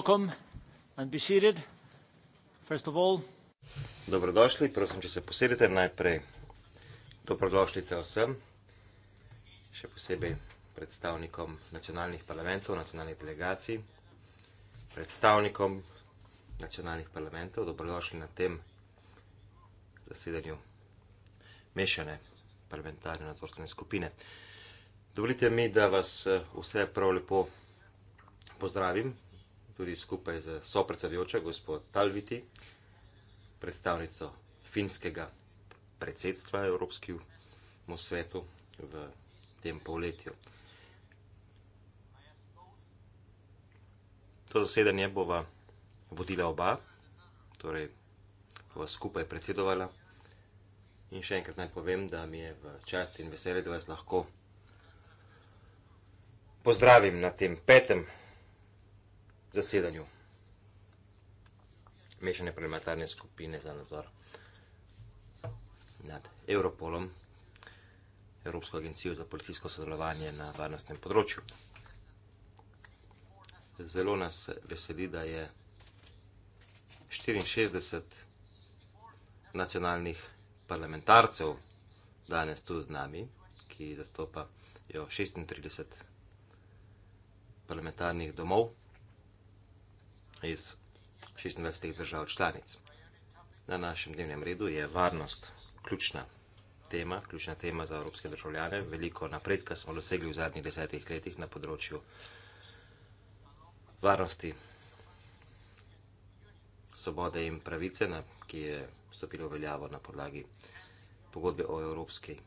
Welcome and be seated, first of all. Dobrodošli, prosim, če se posedite najprej. Dobrodošlice vsem, še posebej predstavnikom nacionalnih parlamentov, nacionalnih delegacij, predstavnikom nacionalnih parlamentov. Dobrodošli na tem zasedanju mešane parlamentarne nadzorstvene skupine. Dovolite mi, da vas eh, vse prav lepo pozdravim tudi skupaj z sopredsedujočo gospod Talviti, predstavnico finskega predsedstva Evropskem svetu v tem polletju. To zasedanje bova vodila oba, torej bova skupaj predsedovala. In še enkrat naj povem, da mi je v čast in veselje, da vas lahko pozdravim na tem petem zasedanju mešane parlamentarne skupine za nadzor nad Europolom, Evropsko agencijo za politijsko sodelovanje na varnostnem področju. Zelo nas veseli, da je 64 nacionalnih parlamentarcev danes tu z nami, ki zastopajo 36 parlamentarnih domov iz 26 držav članic. Na našem dnevnem redu je varnost ključna tema, ključna tema za evropske državljane. Veliko napredka smo dosegli v zadnjih desetih letih na področju varnosti, svobode in pravice, ki je stopilo v veljavo na podlagi pogodbe o Evropski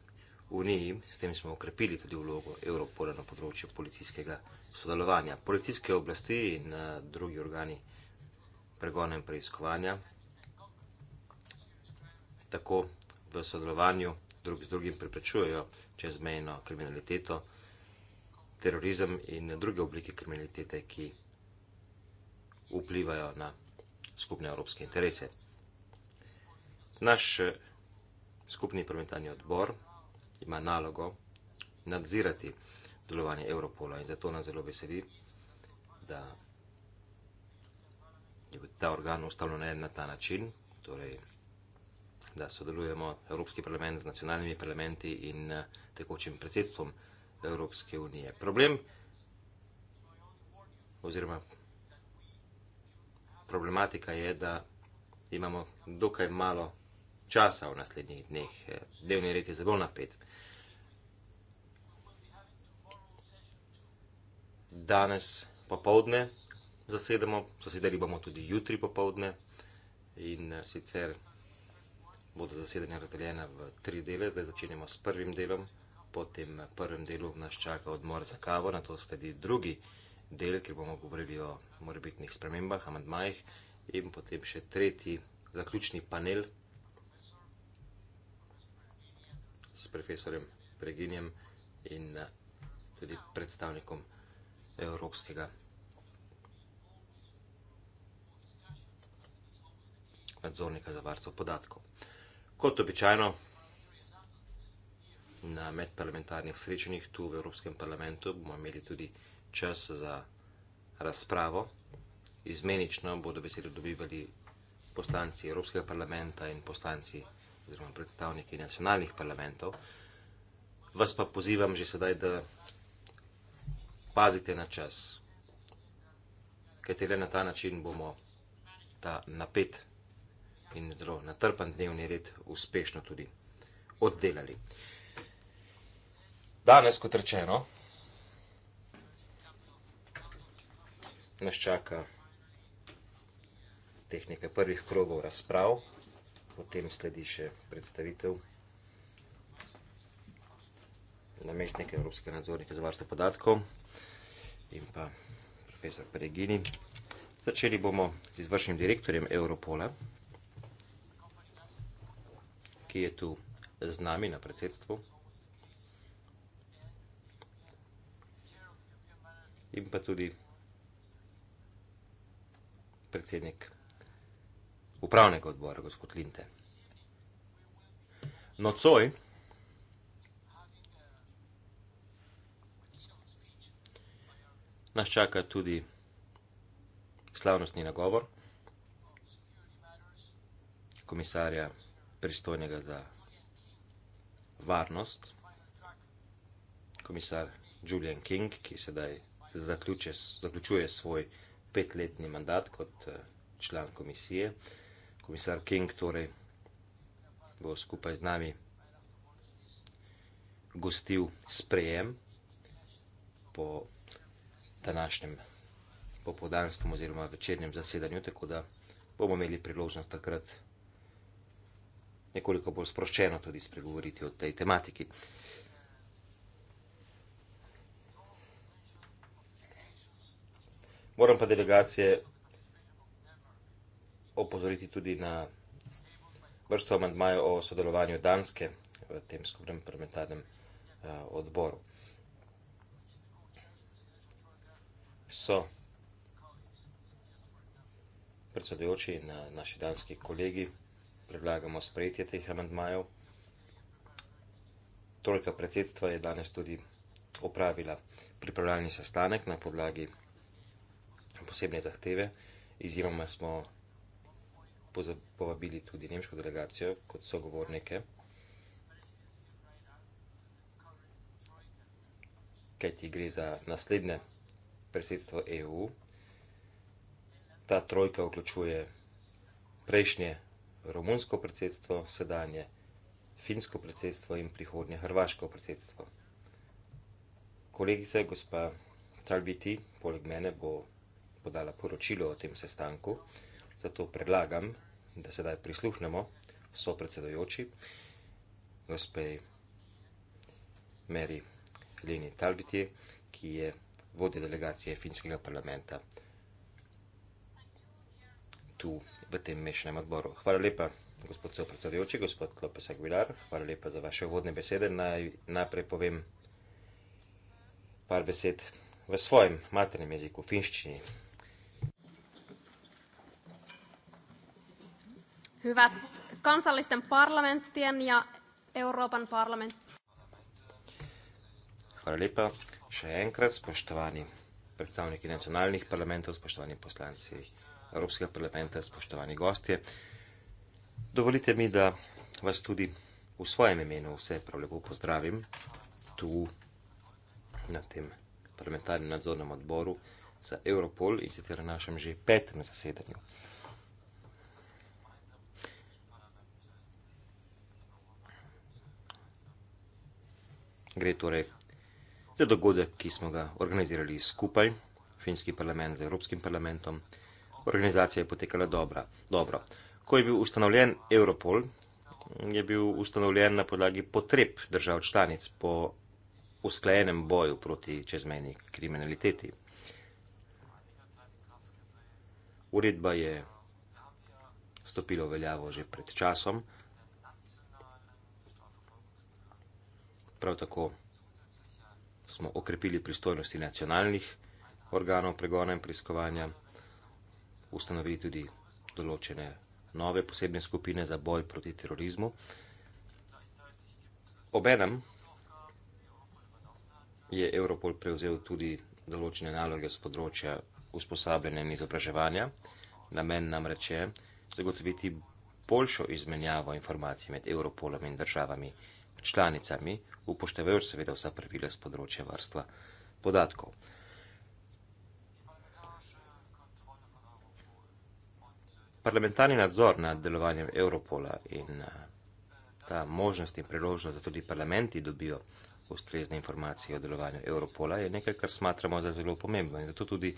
uniji. S tem smo okrepili tudi vlogo Evropola na področju policijskega sodelovanja. Policijske oblasti in eh, drugi organi pregona in preiskovanja tako v sodelovanju drug z drugim preprečujejo čezmejno kriminaliteto, terorizem in druge oblike kriminalitete, ki vplivajo na skupne evropske interese. Naš eh, skupni prometanji odbor ima nalogo nadzirati delovanje Evropola in zato nas zelo veseli, da je ta organ ustavljen na ta način, torej, da sodelujemo Evropski parlament z nacionalnimi parlamenti in eh, tekočim predsedstvom Evropske unije. Problem oziroma problematika je, da imamo dokaj malo časa v naslednjih dneh. Eh, dnevni red je zelo napet. danes popovdne zasedamo, zasedali bomo tudi jutri popovdne in eh, sicer bodo zasedanja razdeljena v tri dele. Zdaj začenjamo s prvim delom, po tem eh, prvem delu nas čaka odmor za kavo, na to sledi drugi del, kjer bomo govorili o morebitnih spremembah, amantmajih in potem še tretji zaključni panel s profesorjem Preginjem in eh, tudi predstavnikom evropskega. Nadzornika za varstvo podatkov. Kot običajno na medparlamentarnih srečanjih tu v Evropskem parlamentu bomo imeli tudi čas za razpravo. Izmenično bodo besedo dobivali poslanci Evropskega parlamenta in poslanci oziroma predstavniki nacionalnih parlamentov. Vas pa pozivam že sedaj, da pazite na čas, kajte le na ta način bomo ta napet in zelo natrpan dnevni red uspešno tudi oddelali. Danes, kot rečeno, nas čaka teh nekaj prvih krogov razprav, potem sledi še predstavitev namestnike Evropskega nadzornika za varstvo podatkov in pa profesor Peregini. Začeli bomo z izvršnim direktorjem Europola, ki je tu z nami na predsedstvu. In pa tudi predsednik upravnega odbora, gospod Linte. Nocoj, nas čaka tudi slavnostni nagovor komisarja pristojnega za varnost, komisar Julian King, ki sedaj zaključe, zaključuje svoj petletni mandat kot eh, član komisije. Komisar King torej bo skupaj z nami gostil sprejem po današnjem popodanskem oziroma večernjem zasedanju, tako da bomo imeli priložnost takrat nekoliko bolj sproščeno tudi spregovoriti o tej tematiki. Moram pa delegacije opozoriti tudi na vrsto amandmaja o sodelovanju Danske v tem skupnem parlamentarnem eh, odboru. so predsedujoči in eh, naši danski kolegi predlagamo sprejetje teh amendmajev. Toliko predsedstva je danes tudi opravila pripravljalni sestanek na podlagi posebne zahteve. Izjemoma smo povabili tudi nemško delegacijo kot sogovornike. Kaj ti gre za naslednje? predsedstvo EU. Ta trojka vključuje prejšnje romunsko predsedstvo, sedanje finsko predsedstvo in prihodnje hrvaško predsedstvo. Kolegica gospa Talbiti, poleg mene, bo podala poročilo o tem sestanku, zato predlagam, da sedaj prisluhnemo so predsedojoči, gospej Meri Leni Talbiti, ki je vodja delegacije finskega parlamenta tu v tem mešanem odboru. Hvala lepa, gospod predsedujoči, gospod Lopes Aguilar, hvala lepa za vaše vodne besede. Naj, najprej povem par besed v svojem maternem jeziku, finščini. Hyvät kansallisten parlamenttien ja Euroopan parlamentti. Hvala lepa. Še enkrat, spoštovani predstavniki nacionalnih parlamentov, spoštovani poslanci Evropskega parlamenta, spoštovani gostje, dovolite mi, da vas tudi v svojem imenu vse prav lepo pozdravim tu na tem parlamentarnem nadzornem odboru za Europol in sicer na našem že petem zasedanju. Gre torej To je dogodek, ki smo ga organizirali skupaj, finski parlament z Evropskim parlamentom. Organizacija je potekala dobra. dobro. Ko je bil ustanovljen Europol, je bil ustanovljen na podlagi potreb držav članic po usklajenem boju proti čezmeni kriminaliteti. Uredba je stopila v veljavo že pred časom. Prav tako smo okrepili pristojnosti nacionalnih organov pregona in preiskovanja, ustanovili tudi določene nove posebne skupine za boj proti terorizmu. Obenem je Europol prevzel tudi določene naloge z področja usposabljanja in izobraževanja. Namen namreč je zagotoviti boljšo izmenjavo informacij med Europolom in državami članicami, upoštevajoč seveda vsa pravila z področja varstva podatkov. Parlamentarni nadzor nad delovanjem Europola in eh, ta možnost in priložnost, da tudi parlamenti dobijo ustrezne informacije o delovanju Europola, je nekaj, kar smatramo za zelo pomembno in zato tudi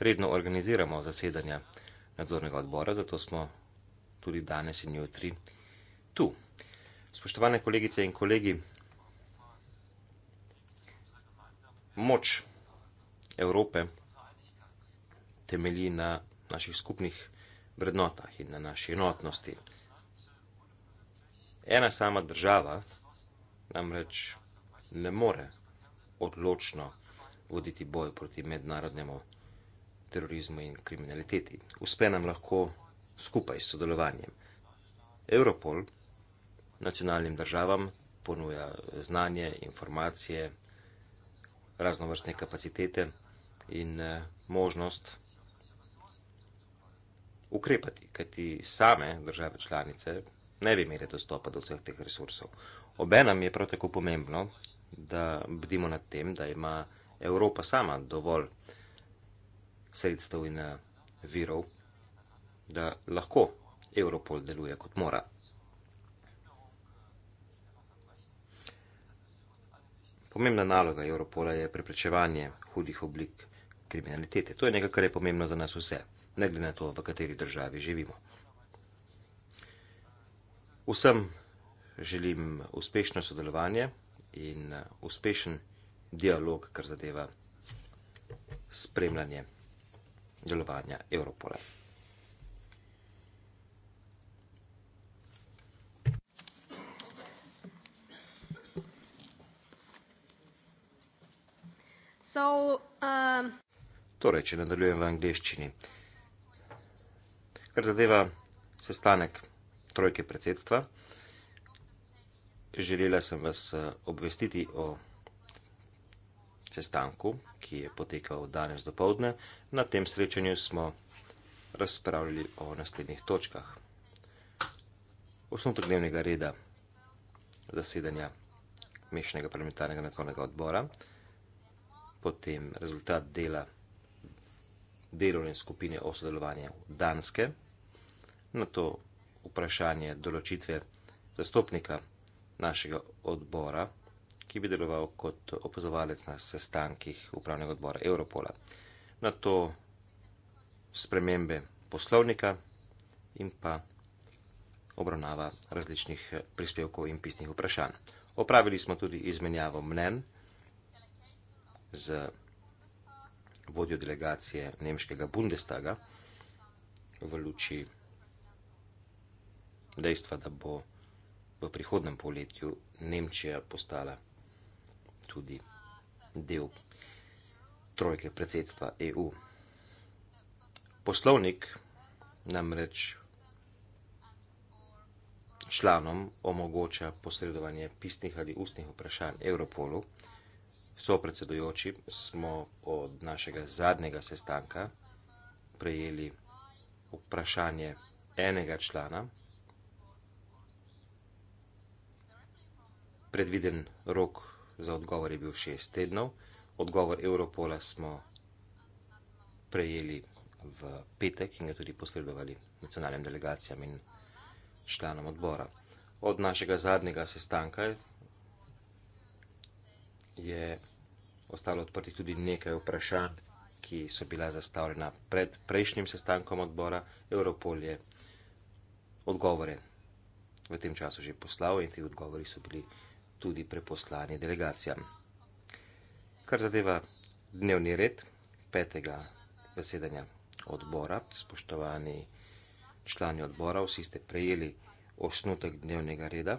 redno organiziramo zasedanja nadzornega odbora, zato smo tudi danes in jutri tu. Spoštovane kolegice in kolegi, moč Evrope temelji na naših skupnih vrednotah in na naši enotnosti. Ena sama država namreč ne more odločno voditi boj proti mednarodnemu terorizmu in kriminaliteti. Uspe nam lahko skupaj s sodelovanjem. Europol nacionalnim državam, ponuja znanje, informacije, raznovrstne kapacitete in eh, možnost ukrepati, kajti same države članice ne bi imeli dostopa do vseh teh resursov. Obenem je prav tako pomembno, da bdimo nad tem, da ima Evropa sama dovolj sredstev in eh, virov, da lahko Europol deluje kot mora. Pomembna naloga Europola je preprečevanje hudih oblik kriminalitete. To je nekaj, kar je pomembno za nas vse, ne glede na to, v kateri državi živimo. Vsem želim uspešno sodelovanje in uh, uspešen dialog, kar zadeva spremljanje delovanja Europola. So, um... Torej, če nadaljujem v angliščini. Kar zadeva sestanek trojke predsedstva, želela sem vas eh, obvestiti o sestanku, ki je potekal danes do povdne. Na tem srečanju smo razpravljali o naslednjih točkah. Osnovnog dnevnega reda zasedanja mešnega parlamentarnega nadzornega odbora potem rezultat dela delovne skupine o sodelovanju Danske, na to vprašanje določitve zastopnika našega odbora, ki bi deloval kot opazovalec na sestankih upravnega odbora Europola, na to spremembe poslovnika in pa obravnava različnih prispevkov in pisnih vprašanj. Opravili smo tudi izmenjavo mnen, z vodjo delegacije nemškega Bundestaga v luči dejstva, da bo v prihodnem poletju Nemčija postala tudi del trojke predsedstva EU. Poslovnik namreč članom omogoča posredovanje pisnih ali ustnih vprašanj Europolu. So predsedujoči, smo od našega zadnjega sestanka prejeli vprašanje enega člana. Predviden rok za odgovor je bil šest tednov. Odgovor Europola smo prejeli v petek in ga tudi posredovali nacionalnim delegacijam in članom odbora. Od našega zadnjega sestanka je ostalo odprtih tudi nekaj vprašanj, ki so bila zastavljena pred prejšnjim sestankom odbora. Europol je odgovore v tem času že poslal in ti odgovori so bili tudi preposlani delegacijam. Kar zadeva dnevni red petega zasedanja odbora, spoštovani člani odbora, vsi ste prejeli osnutek dnevnega reda,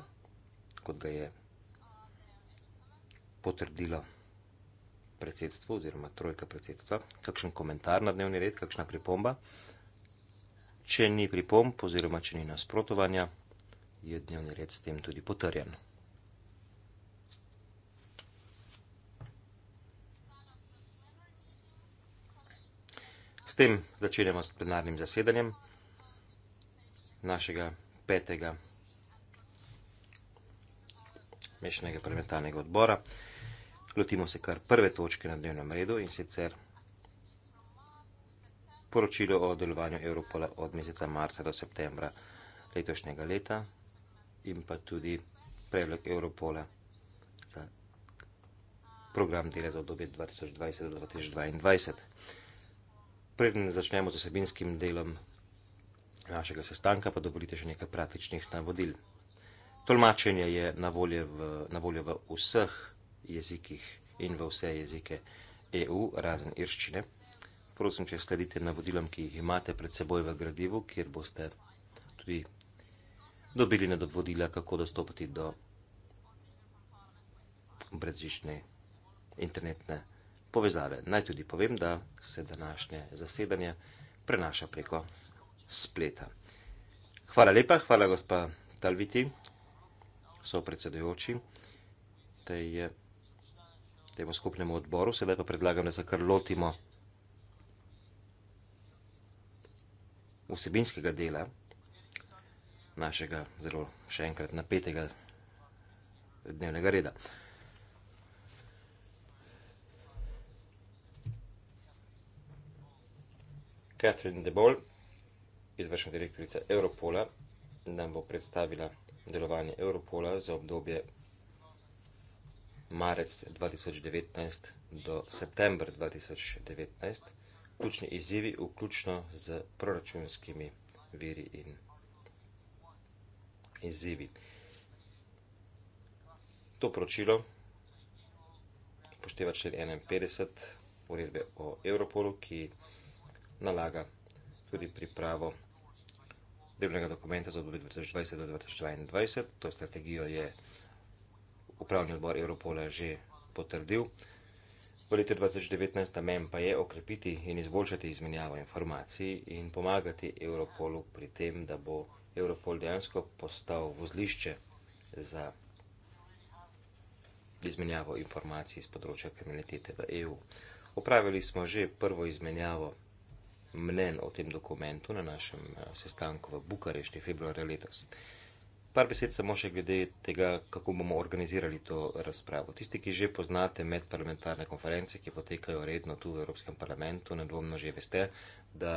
kot ga je potrdilo predsedstvo oziroma trojka predsedstva, kakšen komentar na dnevni red, kakšna pripomba. Če ni pripomb oziroma če ni nasprotovanja, je dnevni red s tem tudi potrjen. S tem začenjamo s plenarnim zasedanjem našega petega mešanega parlamentarnega odbora. Lotimo se kar prve točke na dnevnem redu in sicer poročilo o delovanju Evropola od meseca marca do septembra letošnjega leta in pa tudi predlog Evropola za program dela za obdobje 2020-2022. Preden začnemo z osebinskim delom našega sestanka, pa dovolite še nekaj praktičnih navodil. Tolmačenje je na voljo v, na voljo v vseh jezikih in v vse jezike EU, razen irščine. Prosim, če sledite navodilom, ki jih imate pred seboj v gradivu, kjer boste tudi dobili navodila, kako dostopati do brezžične internetne povezave. Naj tudi povem, da se današnje zasedanje prenaša preko spleta. Hvala lepa, hvala gospa Talviti, so predsedujoči tej temu skupnemu odboru, sedaj pa predlagam, da se kar lotimo vsebinskega dela našega zelo še enkrat napetega dnevnega reda. Catherine de Boll, izvršna direktorica Europola, nam bo predstavila delovanje Europola za obdobje 2021-2022 marec 2019 do september 2019, ključni izzivi, vključno z proračunskimi viri in izzivi. To poročilo pošteva člen 51 uredbe o Europolu, ki nalaga tudi pripravo delovnega dokumenta za obdobje 2020-2022, to strategijo je strategijo upravni odbor Evropola že potrdil. V letu 2019 namen pa je okrepiti in izboljšati izmenjavo informacij in pomagati Evropolu pri tem, da bo Evropol dejansko postal vozlišče za izmenjavo informacij iz področja kriminalitete v EU. Opravili smo že prvo izmenjavo mnen o tem dokumentu na našem eh, sestanku v Bukarešti februarja letos par besed samo še glede tega, kako bomo organizirali to razpravo. Tisti, ki že poznate medparlamentarne konference, ki potekajo redno tu v Evropskem parlamentu, nedvomno že veste, da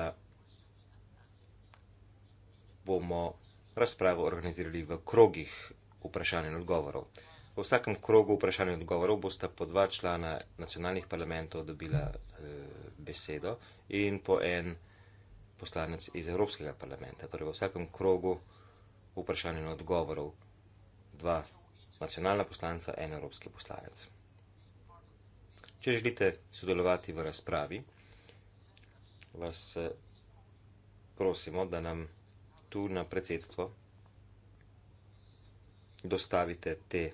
bomo razpravo organizirali v krogih vprašanj in odgovorov. V vsakem krogu vprašanj in odgovorov bosta po dva člana nacionalnih parlamentov dobila e, besedo in po en poslanec iz Evropskega parlamenta. Torej v vsakem krogu vprašanj in odgovorov, dva nacionalna poslanca, en evropski poslanec. Če želite sodelovati v razpravi, vas eh, prosimo, da nam tu na predsedstvo dostavite te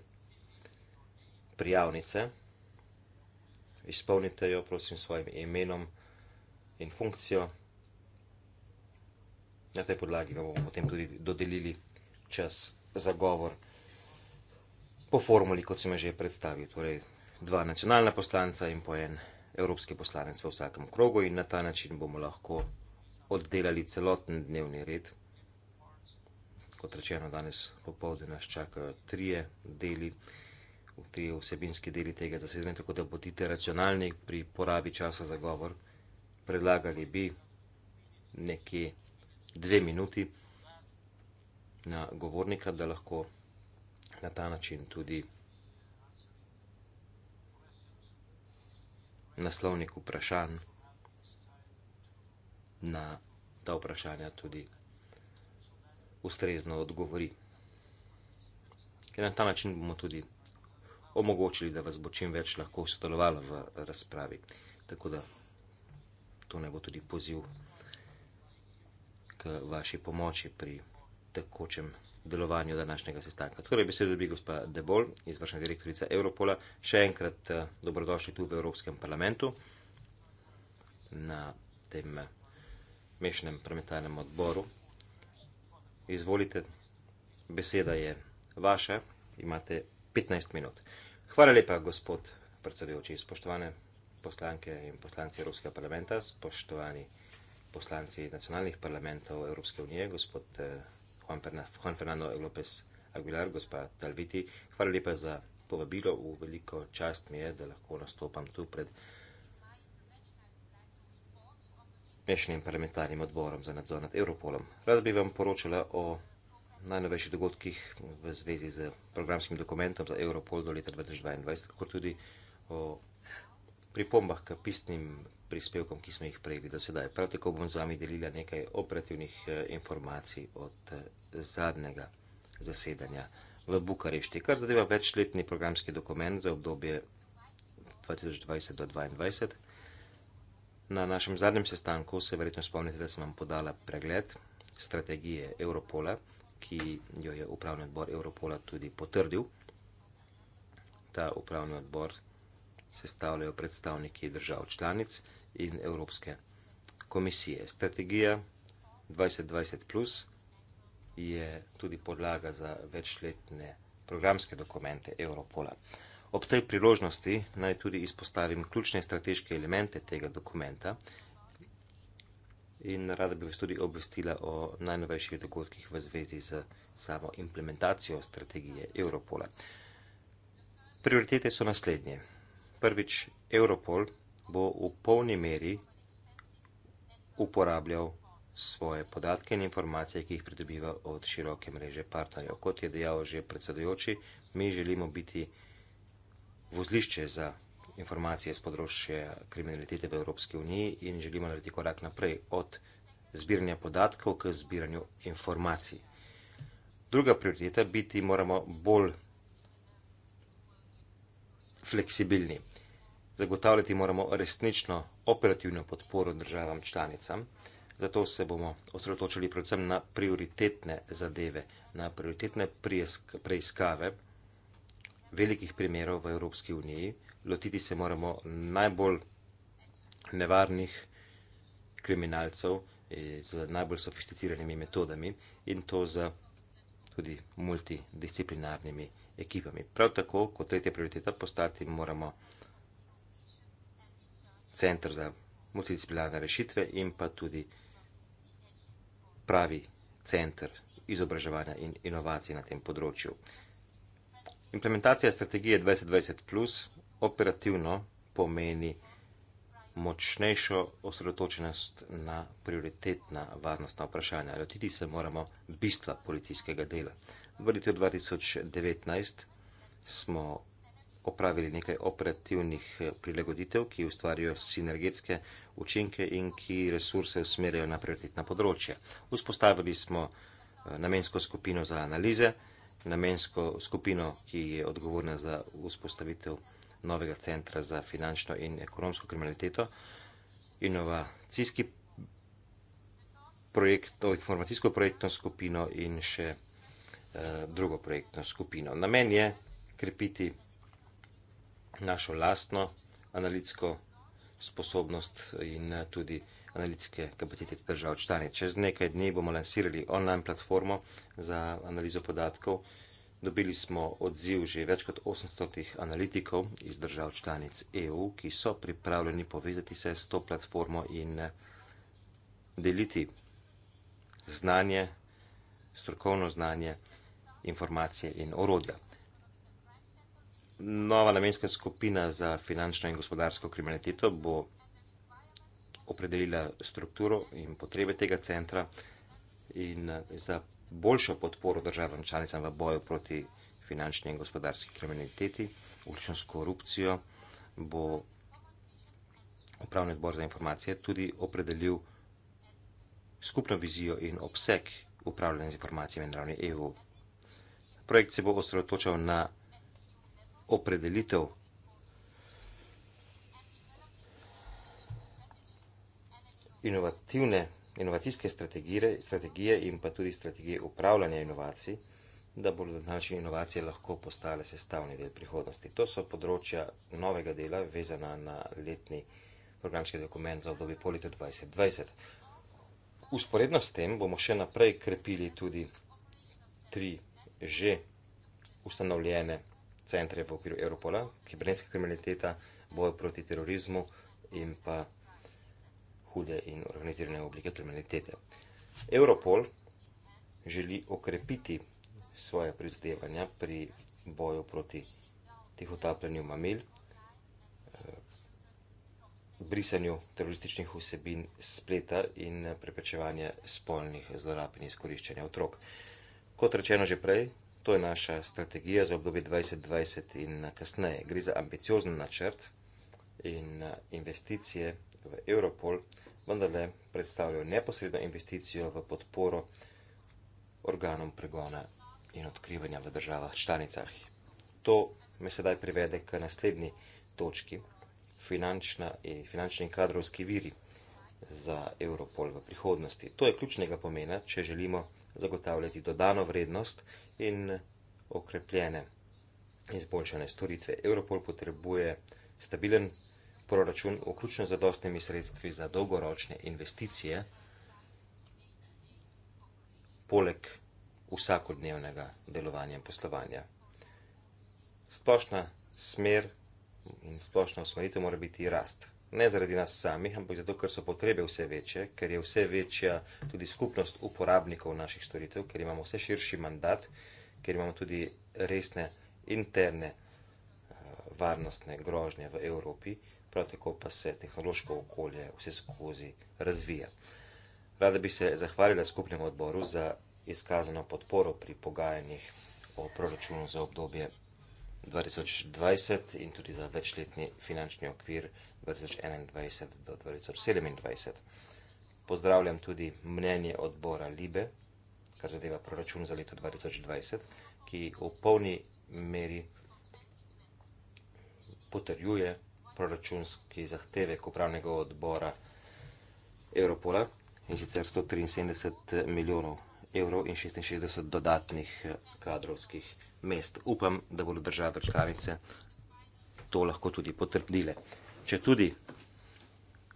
prijavnice, izpolnite jo, prosim, s svojim imenom in funkcijo. Na tej podlagi bomo potem tudi dodelili čas za govor po formuli, kot sem jo že predstavil. Torej, dva nacionalna poslanca in po en evropski poslanec v vsakem krogu in na ta način bomo lahko oddelali celoten dnevni red. Kot rečeno, danes popovdne nas čakajo trije deli, trije vsebinski deli tega zasedanja, tako da bodite racionalni pri porabi časa za govor. Predlagali bi nekje dve minuti na govornika, da lahko na ta način tudi naslovnik vprašanj na ta vprašanja tudi ustrezno odgovori. Ker na ta način bomo tudi omogočili, da vas bo čim več lahko sodelovalo v razpravi. Tako da to ne bo tudi poziv k vaši pomoči pri tekočem delovanju današnjega sestanka. Torej, besedo dobi gospa Debol, izvršna direktorica Europola. Še enkrat eh, dobrodošli tu v Evropskem parlamentu na tem eh, mešnem parlamentarnem odboru. Izvolite, beseda je vaša, imate 15 minut. Hvala lepa, gospod predsedujoči, spoštovane poslanke in poslanci Evropskega parlamenta, spoštovani poslanci iz nacionalnih parlamentov Evropske unije, gospod eh, Juan Fernando López Aguilar, gospa Talviti. Hvala lepa za povabilo. V veliko čast mi je, da lahko nastopam tu pred mešnim parlamentarnim odborom za nadzor nad Europolom. Rada bi vam poročala o najnovejših dogodkih v zvezi z programskim dokumentom za Europol do leta 2022, kot tudi o pripombah k pisnim prispevkom, ki smo jih prejeli do sedaj. Prav tako bom z vami delila nekaj operativnih eh, informacij od eh, zadnjega zasedanja v Bukarešti. Kar zadeva večletni programski dokument za obdobje 2020 do 2022. Na našem zadnjem sestanku se verjetno spomnite, da sem vam podala pregled strategije Europola, ki jo je upravni odbor Europola tudi potrdil. Ta upravni odbor sestavljajo predstavniki držav članic in Evropske komisije. Strategija 2020 plus je tudi podlaga za večletne programske dokumente Europola. Ob tej priložnosti naj tudi izpostavim ključne strateške elemente tega dokumenta in rada bi vas tudi obvestila o najnovejših dogodkih v zvezi z samo implementacijo strategije Europola. Prioritete so naslednje prvič Europol bo v polni meri uporabljal svoje podatke in informacije, ki jih pridobiva od široke mreže partnerjev. Kot je dejal že predsedujoči, mi želimo biti vozlišče za informacije z področja kriminalitete v Evropski uniji in želimo narediti korak naprej od zbiranja podatkov k zbiranju informacij. Druga prioriteta, biti moramo bolj fleksibilni. Zagotavljati moramo resnično operativno podporo državam članicam, zato se bomo osredotočili predvsem na prioritetne zadeve, na prioritetne preiskave velikih primerov v Evropski uniji. Lotiti se moramo najbolj nevarnih kriminalcev eh, z najbolj sofisticiranimi metodami in to z tudi multidisciplinarnimi ekipami. Prav tako, kot tretja prioriteta, postati moramo center za multidisciplinarne rešitve in pa tudi pravi center izobraževanja in inovacij na tem področju. Implementacija strategije 2020 plus operativno pomeni močnejšo osredotočenost na prioritetna varnostna vprašanja. Lotiti se moramo bistva policijskega dela. V letu 2019 smo opravili nekaj operativnih eh, prilagoditev, ki ustvarjajo sinergetske učinke in ki resurse usmerjajo na prioritetna področja. Vzpostavili smo eh, namensko skupino za analize, namensko skupino, ki je odgovorna za vzpostavitev novega centra za finančno in ekonomsko kriminaliteto, inovacijski projekt, informacijsko projektno skupino in še eh, drugo projektno skupino. Namen je krepiti našo lastno analitsko sposobnost in eh, tudi analitske kapacitete držav članic. Čez nekaj dni bomo lansirali online platformo za analizo podatkov. Dobili smo odziv že več kot 800 analitikov iz držav članic EU, ki so pripravljeni povezati se s to platformo in eh, deliti znanje, strokovno znanje, informacije in orodja nova namenska skupina za finančno in gospodarsko kriminaliteto bo opredelila strukturo in potrebe tega centra in za boljšo podporo državam članicam v boju proti finančni in gospodarski kriminaliteti, ulično s korupcijo, bo Upravni odbor za informacije tudi opredelil skupno vizijo in obseg upravljanja z informacijami na ravni EU. Projekt se bo osredotočal na opredelitev. Inovativne, inovacijske strategije, strategije in pa tudi strategije upravljanja inovacij, da bodo današnje inovacije lahko postale sestavni del prihodnosti. To so področja novega dela, vezana na letni programski dokument za obdobje po letu 2020. Usporedno s tem bomo še naprej krepili tudi tri že ustanovljene centre v okviru Evropola, kibernetska kriminaliteta, boj proti terorizmu in pa hude in organizirane oblike kriminalitete. Evropol želi okrepiti svoje prizadevanja pri boju proti tihotapljanju mamil, eh, brisanju terorističnih vsebin spleta in eh, preprečevanje spolnih zlorab in izkoriščanja otrok. Kot rečeno že prej, To je naša strategija za obdobje 2020 in kasneje. Gre za ambiciozen načrt in eh, investicije v Europol, vendar le predstavljajo neposredno investicijo v podporo organom pregona in odkrivanja v državah članicah. To me sedaj privede k naslednji točki, finančna in finančni in kadrovski viri za Europol v prihodnosti. To je ključnega pomena, če želimo zagotavljati dodano vrednost in okrepljene izboljšane storitve. Europol potrebuje stabilen proračun, vključno z dostnimi sredstvi za dolgoročne investicije, poleg vsakodnevnega delovanja in poslovanja. Splošna smer in splošna usmeritev mora biti rast ne zaradi nas samih, ampak zato, ker so potrebe vse večje, ker je vse večja tudi skupnost uporabnikov naših storitev, ker imamo vse širši mandat, ker imamo tudi resne interne eh, varnostne grožnje v Evropi, prav tako pa se tehnološko okolje vse skozi razvija. Rada bi se zahvalila skupnemu odboru za izkazano podporo pri pogajanjih o proračunu za obdobje 2021-2022. 2020 in tudi za večletni finančni okvir 2021 do 2027. Pozdravljam tudi mnenje odbora Libe, kar zadeva proračun za leto 2020, ki v polni meri potrjuje proračunski zahteve upravnega odbora Europola in sicer 173 milijonov evrov in 66 dodatnih eh, kadrovskih mest. Upam, da bodo države članice to lahko tudi potrdile. Če tudi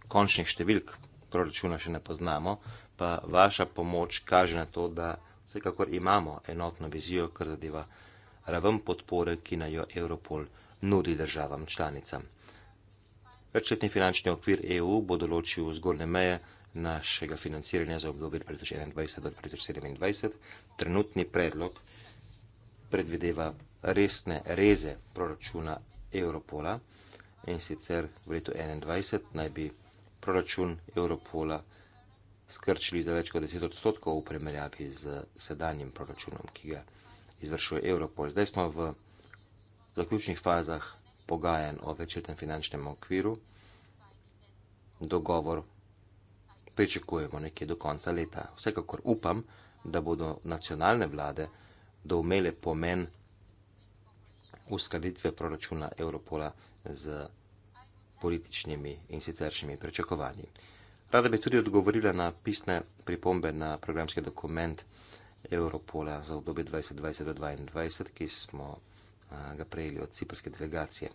končnih številk proračuna še ne poznamo, pa vaša pomoč kaže na to, da vsekakor imamo enotno vizijo, kar zadeva raven podpore, ki na jo Europol nudi državam članicam. Večletni finančni okvir EU bo določil zgornje meje našega financiranja za obdobje 2021-2027. Trenutni predlog predvideva resne reze proračuna Evropola in sicer v letu 2021 naj bi proračun Evropola skrčili za več kot 10 odstotkov v primerjavi z sedanjim proračunom, ki ga izvršuje Evropol. Zdaj smo v zaključnih fazah pogajanj o večletnem finančnem okviru. Dogovor pričakujemo nekje do konca leta. Vsekakor upam, da bodo nacionalne vlade domele pomen uskladitve proračuna Evropola z političnimi in siceršnjimi pričakovanji. Rada bi tudi odgovorila na pisne pripombe na programski dokument Evropola za obdobje 2020-2022, ki smo ga prejeli od ciprske delegacije.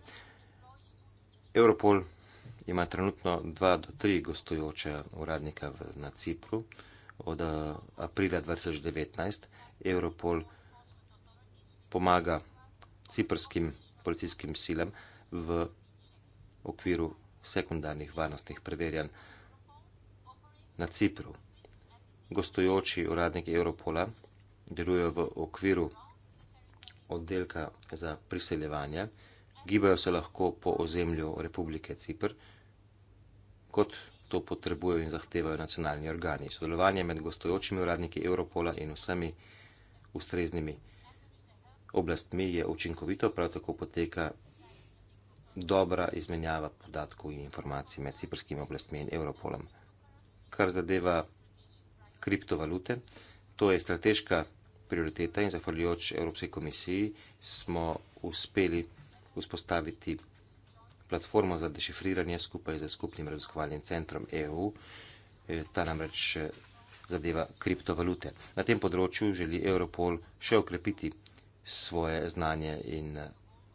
Europol ima trenutno dva do tri gostujoče uradnika na Cipru. Od aprila 2019 Europol pomaga ciprskim policijskim silam v okviru sekundarnih varnostnih preverjanj na Cipru. Gostujoči uradniki Europola delujejo v okviru oddelka za priseljevanje, gibajo se lahko po ozemlju Republike Cipr, kot to potrebujejo in zahtevajo nacionalni organi. Sodelovanje med gostujočimi uradniki Europola in vsemi ustreznimi organi oblastmi je učinkovito, prav tako poteka dobra izmenjava podatkov in informacij med ciprskimi oblastmi in Europolom. Kar zadeva kriptovalute, to je strateška prioriteta in zahvaljujoč Evropske komisiji smo uspeli vzpostaviti platformo za dešifriranje skupaj z skupnim raziskovalnim centrom EU. E, ta namreč eh, zadeva kriptovalute. Na tem področju želi Europol še okrepiti svoje znanje in eh,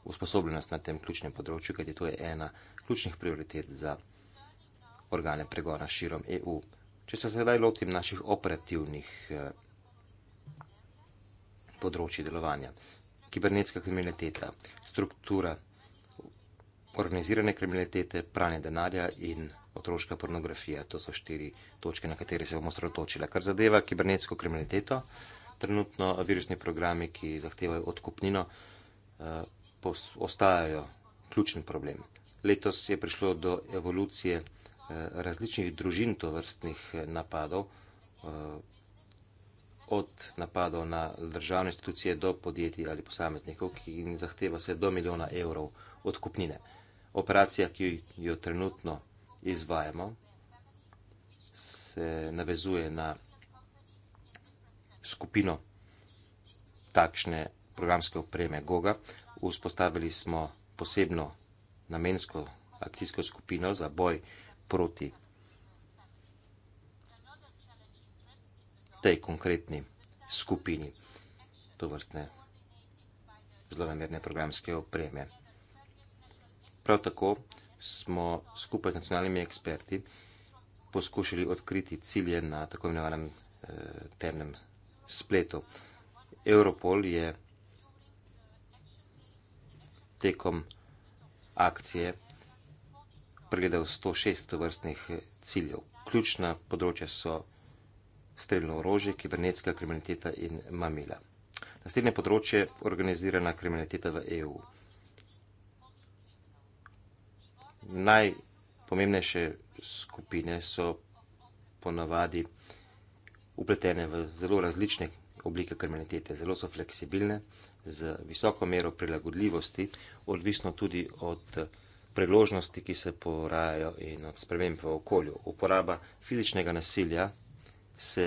usposobljenost na tem ključnem področju, kajti to je ena ključnih prioritet za organe pregona širom EU. Če se sedaj lotim naših operativnih eh, področji delovanja, kibernetska kriminaliteta, struktura organizirane kriminalitete, pranje denarja in otroška pornografija. To so štiri točke, na katere se bomo sredotočili. Kar zadeva kibernetsko kriminaliteto, trenutno virusni programi, ki zahtevajo odkupnino, eh, ostajajo ključen problem. Letos je prišlo do evolucije eh, različnih družin to vrstnih eh, napadov, od napadov na državne institucije do podjetij ali posameznikov, ki jim zahteva se do milijona evrov odkupnine. Operacija, ki jo trenutno izvajamo, se navezuje na skupino takšne programske opreme GOGA. Vzpostavili smo posebno namensko akcijsko skupino za boj proti tej konkretni skupini to vrstne zlonamerne programske opreme. Prav tako smo skupaj z nacionalnimi eksperti poskušali odkriti cilje na tako imenovanem eh, temnem spletu. Europol je tekom akcije pregledal 106 vrstnih ciljev. Ključna področja so streljno orožje, kibernetska kriminaliteta in mamila. Naslednje področje organizirana kriminaliteta v EU. Najpomembnejše skupine so ponavadi upletene v zelo različne oblike kriminalitete, zelo so fleksibilne, z visoko mero prilagodljivosti, odvisno tudi od eh, priložnosti, ki se porajajo in od sprememb v okolju. Uporaba fizičnega nasilja se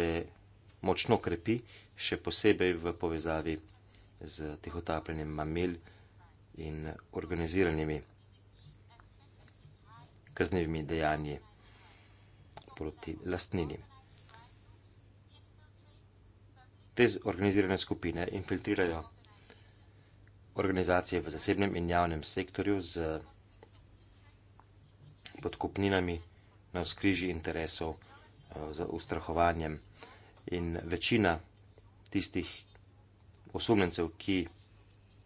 močno krepi, še posebej v povezavi z tihotapljenjem mamil in organiziranimi kaznevimi dejanji proti lastninim te organizirane skupine infiltrirajo organizacije v zasebnem in javnem sektorju z podkupninami na skriži interesov, eh, z ustrahovanjem. In večina tistih osumljencev, ki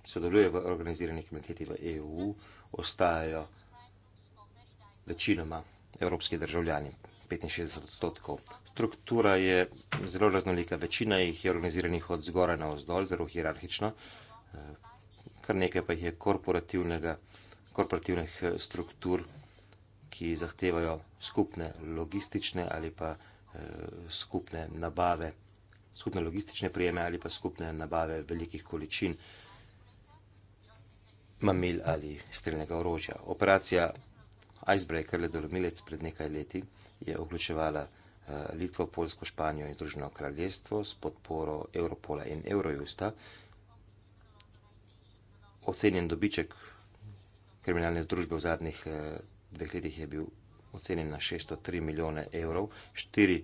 sodelujejo v organizirani komiteti v EU, ostajajo večinoma evropski državljani, 65 odstotkov struktura je zelo raznolika. Večina jih je organiziranih od zgoraj na vzdolj, zelo hierarhično. Eh, kar nekaj pa jih je korporativnih eh, struktur, ki zahtevajo skupne logistične ali pa eh, skupne nabave, skupne logistične prijeme ali pa skupne nabave velikih količin mamil ali strelnega orožja. Operacija Icebreaker, ledolomilec pred nekaj leti, je vključevala Eh, Litvo, Polsko, Španijo in Združeno kraljestvo s podporo Europola in Eurojusta. Ocenjen dobiček kriminalne združbe v zadnjih eh, dveh letih je bil ocenjen na 603 milijone evrov. Štiri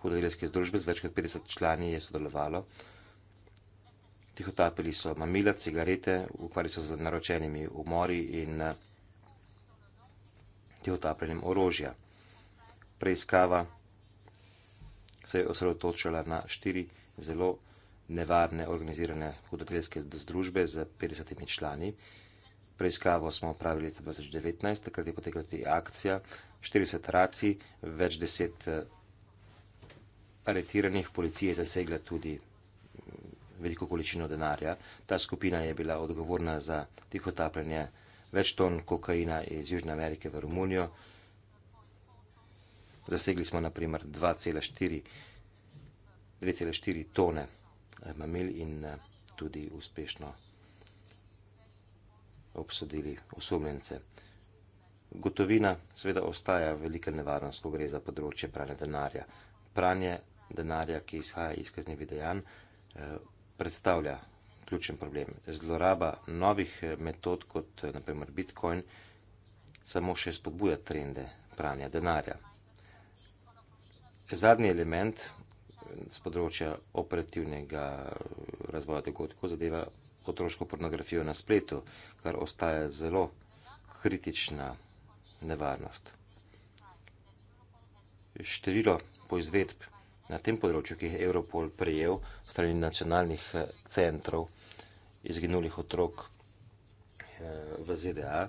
hudodelske združbe z več kot 50 člani je sodelovalo. Tihotapili so mamila, cigarete, ukvarjali so z naročenimi umori in eh, tihotapljenjem orožja preiskava se je osredotočila na štiri zelo nevarne organizirane hudodelske združbe z 50 člani. Preiskavo smo opravili leta 2019, takrat je potekala tudi akcija, 40 raci, več deset eh, aretiranih, policija je zasegla tudi mm, veliko količino denarja. Ta skupina je bila odgovorna za tihotapljanje več ton kokaina iz Južne Amerike v Romunijo. Zasegli smo naprimer 2,4 tone eh, mamil in eh, tudi uspešno obsodili osumljence. Gotovina seveda ostaja velika nevarnost, ko gre za področje pranja denarja. Pranje denarja, ki izhaja iz kaznjevih dejanj, eh, predstavlja ključen problem. Zloraba novih metod, kot naprimer Bitcoin, samo še spodbuja trende pranja denarja zadnji element z eh, področja operativnega eh, razvoja dogodkov zadeva otroško pornografijo na spletu, kar ostaja zelo kritična nevarnost. Število poizvedb na tem področju, ki jih je Europol prejel strani nacionalnih eh, centrov izginulih otrok v ZDA,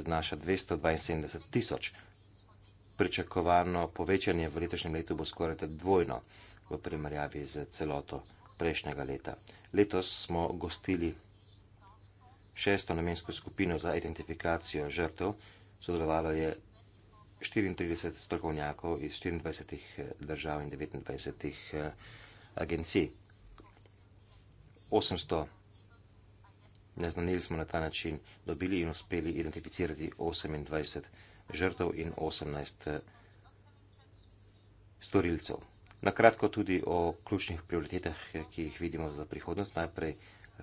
znaša 272 tisoč pričakovano povečanje v letošnjem letu bo skoraj dvojno v primerjavi z celoto prejšnjega leta. Letos smo gostili šesto namensko skupino za identifikacijo žrtev, sodelovalo je 34 strokovnjakov iz 24 eh, držav in 29 eh, agencij. 800 neznanili smo na ta način, dobili in uspeli identificirati 28 držav žrtev in 18 eh, storilcev. Na kratko tudi o ključnih prioritetah, eh, ki jih vidimo za prihodnost. Najprej eh,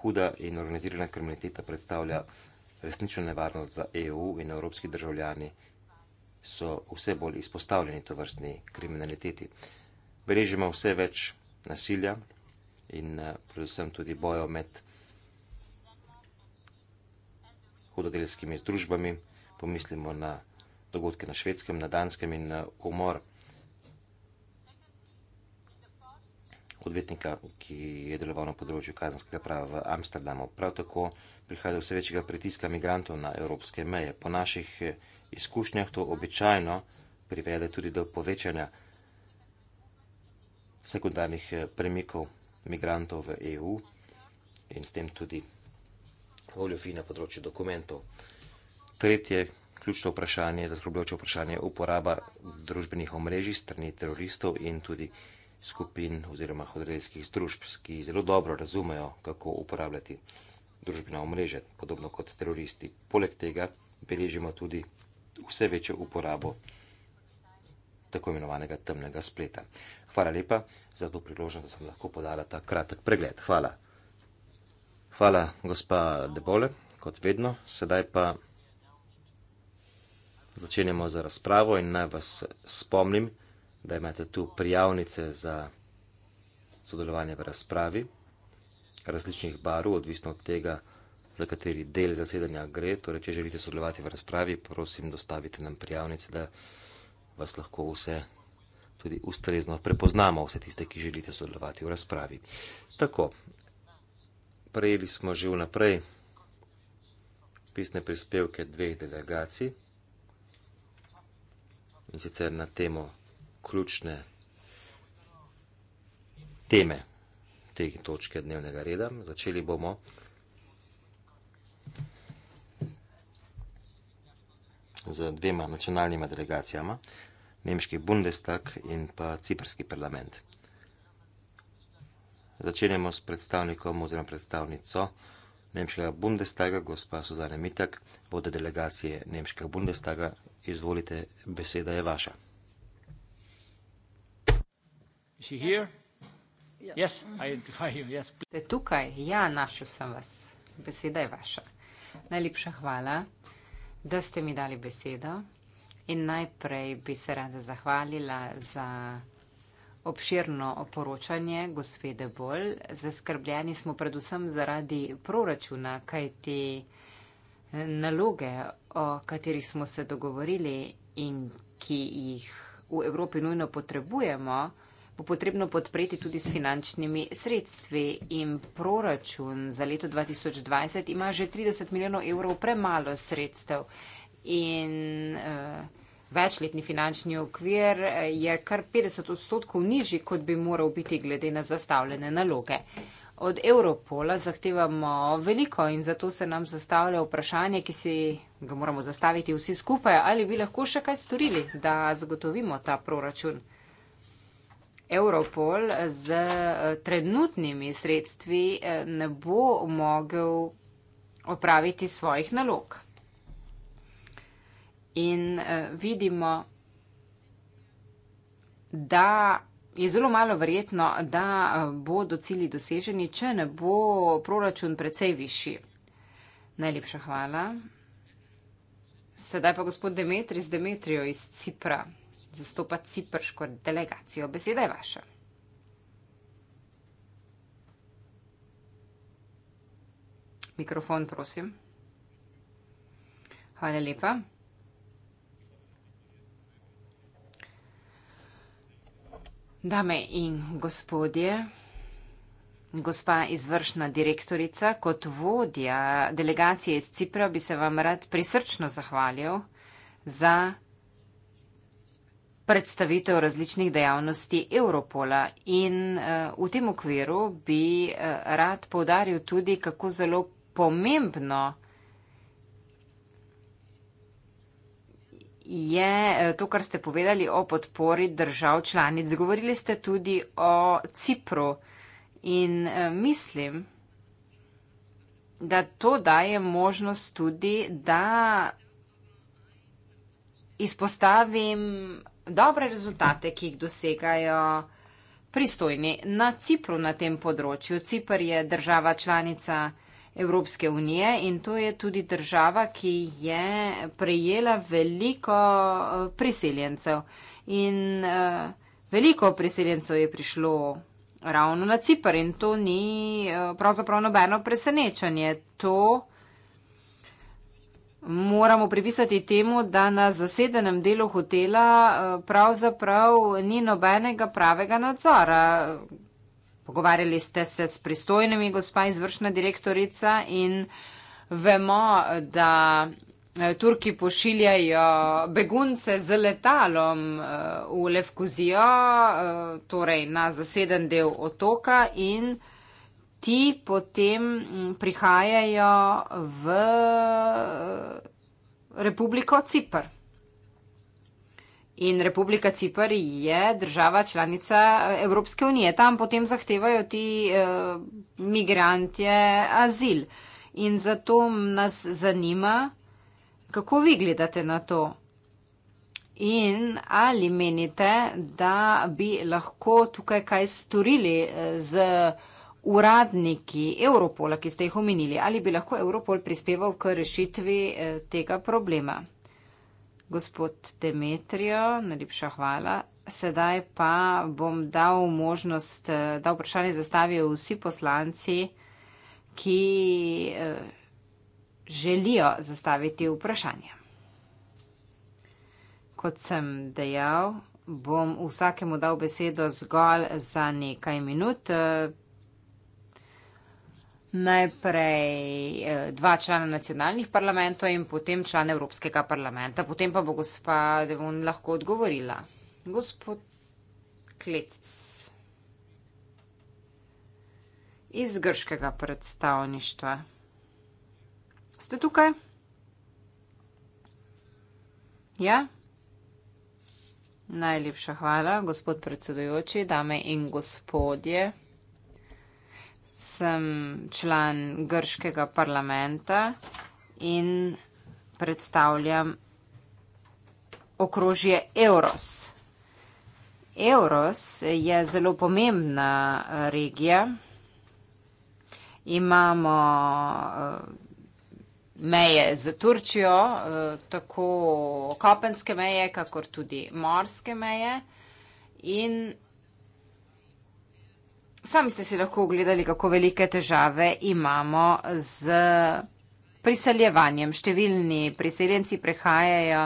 huda in organizirana kriminaliteta predstavlja resnično nevarnost za EU in evropski državljani so vse bolj izpostavljeni to vrstni kriminaliteti. Beležimo vse več nasilja in predvsem tudi bojo med hudodelskimi združbami pomislimo na dogodke na švedskem, na danskem in na umor odvetnika, ki je deloval na področju kazanskega prava v Amsterdamu. Prav tako prihaja do vse večjega pritiska migrantov na evropske meje. Po naših eh, izkušnjah to običajno privede tudi do povečanja sekundarnih eh, premikov migrantov v EU in s tem tudi voljofi na področju dokumentov tretje ključno vprašanje, zaskrbljujoče vprašanje, uporaba družbenih omrežij strani teroristov in tudi skupin oziroma hodrejskih združb, ki zelo dobro razumejo, kako uporabljati družbena omrežja, podobno kot teroristi. Poleg tega beležimo tudi vse večjo uporabo tako imenovanega temnega spleta. Hvala lepa za to priložnost, da sem lahko podala ta kratek pregled. Hvala. Hvala, gospa Debole, kot vedno. Sedaj pa začenjamo z razpravo in naj vas spomnim, da imate tu prijavnice za sodelovanje v razpravi različnih barov, odvisno od tega, za kateri del zasedanja gre. Torej, če želite sodelovati v razpravi, prosim, dostavite nam prijavnice, da vas lahko vse tudi ustrezno prepoznamo, vse tiste, ki želite sodelovati v razpravi. Tako, prejeli smo že vnaprej pisne prispevke dveh delegacij in sicer na temo ključne teme te točke dnevnega reda. Začeli bomo z dvema nacionalnima delegacijama, nemški Bundestag in pa ciprski parlament. Začenjamo s predstavnikom oziroma predstavnico nemškega Bundestaga, gospa Suzana Mitak, vode delegacije nemškega Bundestaga. Izvolite, beseda je vaša. Ja. Ste tukaj? Ja, našel sem vas. Beseda je vaša. Najlepša hvala, da ste mi dali besedo. In najprej bi se rada zahvalila za obširno oporočanje gospe Debol. Zaskrbljeni smo predvsem zaradi proračuna, kajti naloge, o katerih smo se dogovorili in ki jih v Evropi nujno potrebujemo, bo potrebno podpreti tudi s finančnimi sredstvi in proračun za leto 2020 ima že 30 milijonov evrov premalo sredstev in uh, večletni finančni okvir eh, je kar 50 odstotkov nižji, kot bi moral biti glede na zastavljene naloge. Uh, Od Evropola zahtevamo veliko in zato se nam zastavlja vprašanje, ki si ga moramo zastaviti vsi skupaj, ali bi lahko še kaj storili, da zagotovimo ta proračun. Evropol z eh, trenutnimi sredstvi eh, ne bo mogel opraviti svojih nalog. In eh, vidimo, da Je zelo malo verjetno, da eh, bodo cilji doseženi, če ne bo proračun precej višji. Najlepša hvala. Sedaj pa gospod Demetri z Demetrijo iz Cipra. Zastopa ciprško delegacijo. Beseda je vaša. Mikrofon, prosim. Hvala lepa. Dame in gospodje, gospa izvršna direktorica, kot vodja delegacije iz Cipra bi se vam rad prisrčno zahvalil za predstavitev različnih dejavnosti Europola in eh, v tem okviru bi eh, rad povdaril tudi, kako zelo pomembno je eh, to, kar ste povedali o podpori držav članic. Govorili ste tudi o Cipru in eh, mislim, da to daje možnost tudi, da izpostavim dobre rezultate, ki jih dosegajo pristojni na Cipru na tem področju. Cipr je država članica Cipru. Evropske unije in to je tudi država, ki je prejela veliko eh, priseljencev. In uh, veliko priseljencev je prišlo ravno na Cipr in to ni uh, pravzaprav nobeno presenečanje. To moramo pripisati temu, da na zasedenem delu hotela uh, pravzaprav ni nobenega pravega nadzora. Pogovarjali ste se s pristojnimi, gospa izvršna direktorica, in vemo, da e, Turki pošiljajo begunce z letalom e, v Levkozijo, e, torej na zaseden del otoka in ti potem prihajajo v Republiko Cipr. In Republika Cipr je država članica eh, Evropske unije. Tam potem zahtevajo ti uh, migrantje azil. In zato nas zanima, kako vi gledate na to. In ali menite, da bi lahko tukaj kaj storili eh, z uradniki Europola, ki ste jih omenili, ali bi lahko Europol prispeval k rešitvi tega problema? gospod Demetrijo, najlepša hvala. Sedaj pa bom dal možnost, eh, da vprašanje zastavijo vsi poslanci, ki eh, želijo zastaviti vprašanje. Kot sem dejal, bom vsakemu dal besedo zgolj za nekaj minut. Eh, najprej eh, dva člana nacionalnih parlamentov in potem član Evropskega parlamenta. Potem pa bo gospa Devon lahko odgovorila. Gospod Klec iz grškega predstavništva. Ste tukaj? Ja? Najlepša hvala, gospod predsedujoči, dame in gospodje sem član grškega parlamenta in predstavljam okrožje Euros. Euros je zelo pomembna eh, regija. Imamo eh, meje z Turčijo, eh, tako kopenske meje, kakor tudi morske meje. In Sami ste si lahko ogledali, kako velike težave imamo z priseljevanjem. Številni priseljenci prehajajo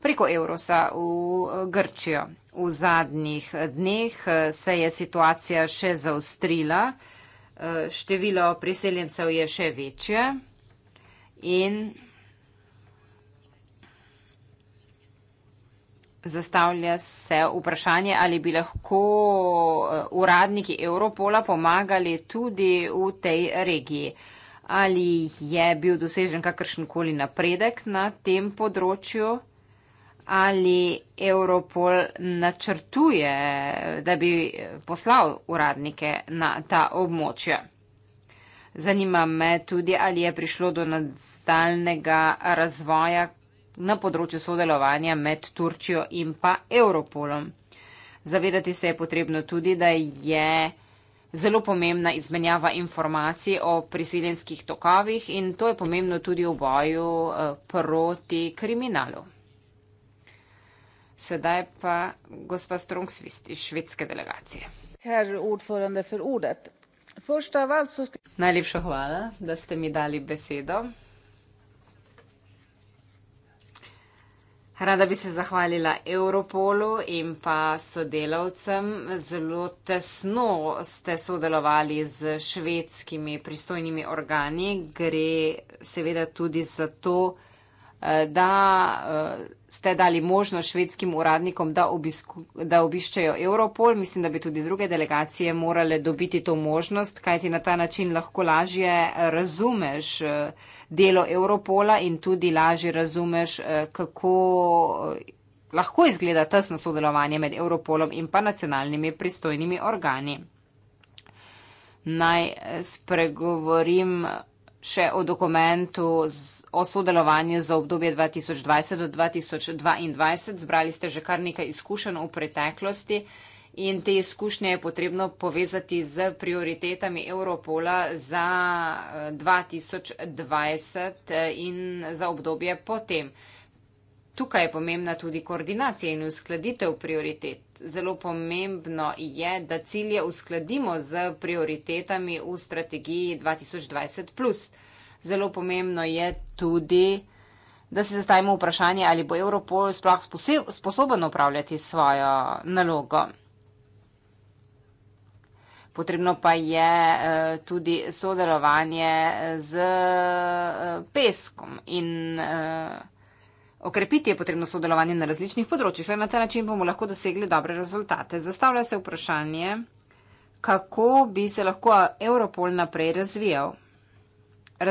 preko Eurosa v Grčijo. V zadnjih dneh eh, se je situacija še zaustrila, eh, število priseljencev je še večje in Zastavlja se vprašanje, ali bi lahko eh, uradniki Evropola pomagali tudi v tej regiji. Ali je bil dosežen kakršenkoli napredek na tem področju? Ali Evropol načrtuje, da bi poslal uradnike na ta območje? Zanima me tudi, ali je prišlo do nadaljnega razvoja na področju sodelovanja med Turčijo in pa Europolom. Zavedati se je potrebno tudi, da je zelo pomembna izmenjava informacij o priseljenskih tokovih in to je pomembno tudi v boju eh, proti kriminalu. Sedaj pa gospa Strongsvist iz švedske delegacije. Najlepša hvala, da ste mi dali besedo. Rada bi se zahvalila Europolu in pa sodelavcem. Zelo tesno ste sodelovali z švedskimi pristojnimi organi. Gre seveda tudi za to, Eh, da eh, ste dali možnost švedskim uradnikom, da, obisku, da obiščejo Europol. Mislim, da bi tudi druge delegacije morale dobiti to možnost, kajti na ta način lahko lažje eh, razumeš delo Europola in tudi lažje razumeš, kako lahko izgleda tesno sodelovanje med Europolom in pa nacionalnimi pristojnimi organi. Naj spregovorim še o dokumentu z, o sodelovanju za obdobje 2020 do 2022. Zbrali ste že kar nekaj izkušenj v preteklosti in te izkušnje je potrebno povezati z prioritetami Europola za 2020 eh, eh, in za obdobje potem. Tukaj je pomembna tudi koordinacija in uskladitev prioritet. Zelo pomembno je, da cilje uskladimo z prioritetami v strategiji 2020. Zelo pomembno je tudi, da si zastavimo vprašanje, ali bo Europol sploh sposoben upravljati svojo nalogo. Potrebno pa je eh, tudi sodelovanje z eh, peskom in. Eh, Okrepiti je potrebno sodelovanje na različnih področjih, le na ta način bomo lahko dosegli dobre rezultate. Zastavlja se vprašanje, kako bi se lahko Europol naprej razvijal.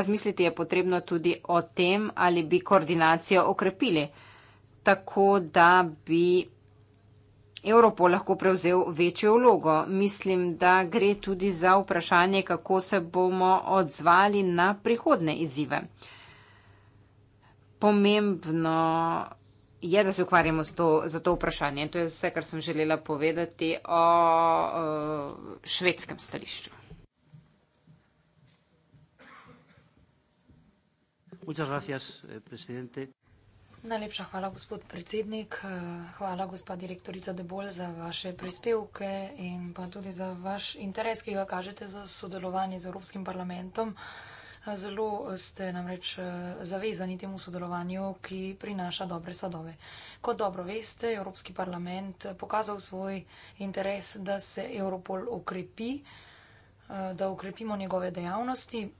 Razmisliti je potrebno tudi o tem, ali bi koordinacijo okrepili, tako da bi Europol lahko prevzel večjo vlogo. Mislim, da gre tudi za vprašanje, kako se bomo odzvali na prihodne izzive pomembno je, da se ukvarjamo z to, z to vprašanje. In to je vse, kar sem želela povedati o uh, švedskem stališču. Eh, Najlepša hvala, gospod predsednik. Eh, hvala, gospa direktorica Debol, za vaše prispevke in pa tudi za vaš interes, ki ga kažete za sodelovanje z Evropskim parlamentom. Uh, zelo ste namreč eh, zavezani temu sodelovanju, ki prinaša dobre sadove. Kot dobro veste, Evropski parlament eh, pokazal svoj interes, da se Europol okrepi, eh, da okrepimo njegove dejavnosti.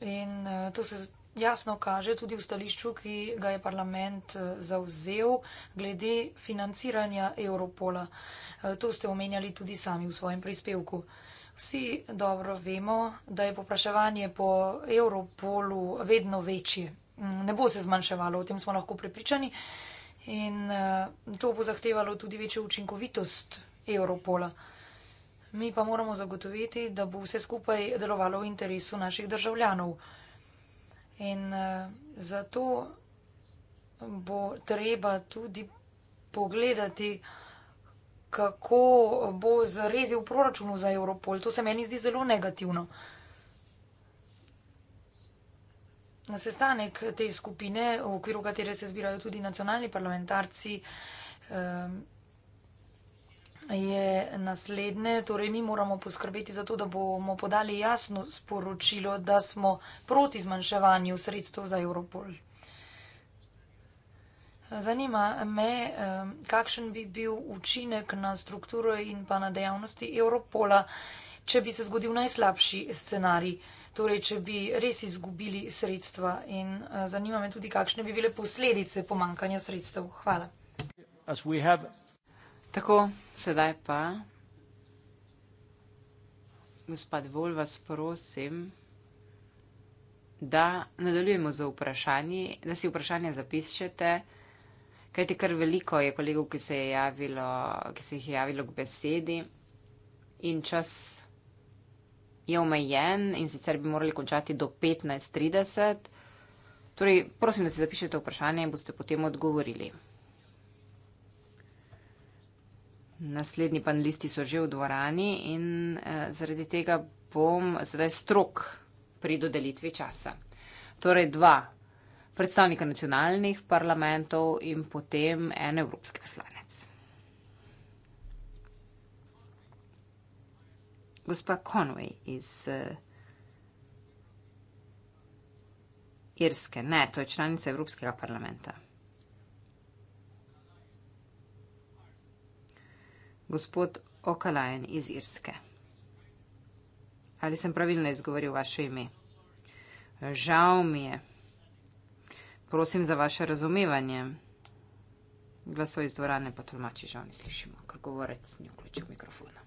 In to se jasno kaže tudi v stališču, ki ga je parlament zauzel glede financiranja Europola. To ste omenjali tudi sami v svojem prispevku. Vsi dobro vemo, da je popraševanje po Evropolu vedno večje. Mm, ne bo se zmanjševalo, o tem smo lahko prepričani. In eh, to bo zahtevalo tudi večjo učinkovitost Evropola. Mi pa moramo zagotoviti, da bo vse skupaj delovalo v interesu naših državljanov. In eh, zato bo treba tudi pogledati, kako bo z rezi v proračunu za Europol. To se meni zdi zelo negativno. Na sestanek te skupine, v okviru katere se zbirajo tudi nacionalni parlamentarci, ehm, je naslednje. Torej, mi moramo poskrbeti za to, da bomo podali jasno sporočilo, da smo proti zmanjševanju sredstev za Europol. Zanima me, kakšen bi bil učinek na strukturo in pa na dejavnosti Europola, če bi se zgodil najslabši scenarij, torej če bi res izgubili sredstva in e, zanima me tudi, kakšne bi bile posledice pomankanja sredstev. Hvala. Tako, sedaj pa. Gospod Vol, vas prosim, da nadaljujemo z vprašanji, da si vprašanje zapišete. Kaj ti kar veliko je kolegov, ki se, je javilo, ki se jih je javilo k besedi in čas je omejen in sicer bi morali končati do 15.30. Torej, prosim, da si zapišete vprašanje in boste potem odgovorili. Naslednji panelisti so že v dvorani in eh, zaradi tega bom zdaj strok pri dodelitvi časa. Torej, dva predstavnika nacionalnih parlamentov in potem en evropski poslanec. Gospa Conway iz uh, Irske, ne, to je članica Evropskega parlamenta. Gospod Okalajen iz Irske. Ali sem pravilno izgovoril vaše ime? Žal mi je. Prosim za vaše razumevanje. Glaso iz dvorane pa tolmači žal ne slišimo, ker govorec ni vključil mikrofona.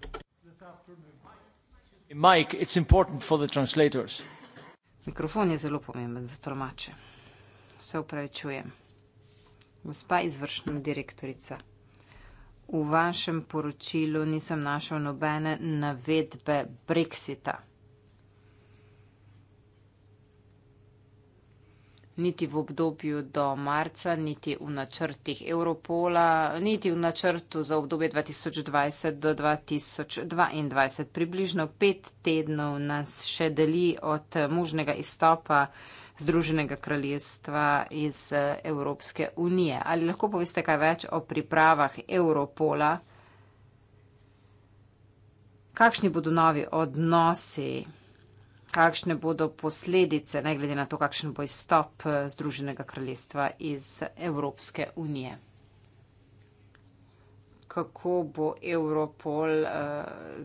Mike, it's important for the translators. Mikrofon je zelo pomemben za tolmače. Se upravičujem. Gospa izvršna direktorica, v vašem poročilu nisem našel nobene navedbe Brexita. niti v obdobju do marca, niti v načrtih Europola, niti v načrtu za obdobje 2020 do 2022. Približno pet tednov nas še deli od možnega izstopa Združenega kraljestva iz eh, Evropske unije. Ali lahko poveste kaj več o pripravah Europola? Kakšni bodo novi odnosi? kakšne bodo posledice, ne glede na to, kakšen bo izstop eh, Združenega kraljestva iz Evropske unije. Kako bo Europol uh,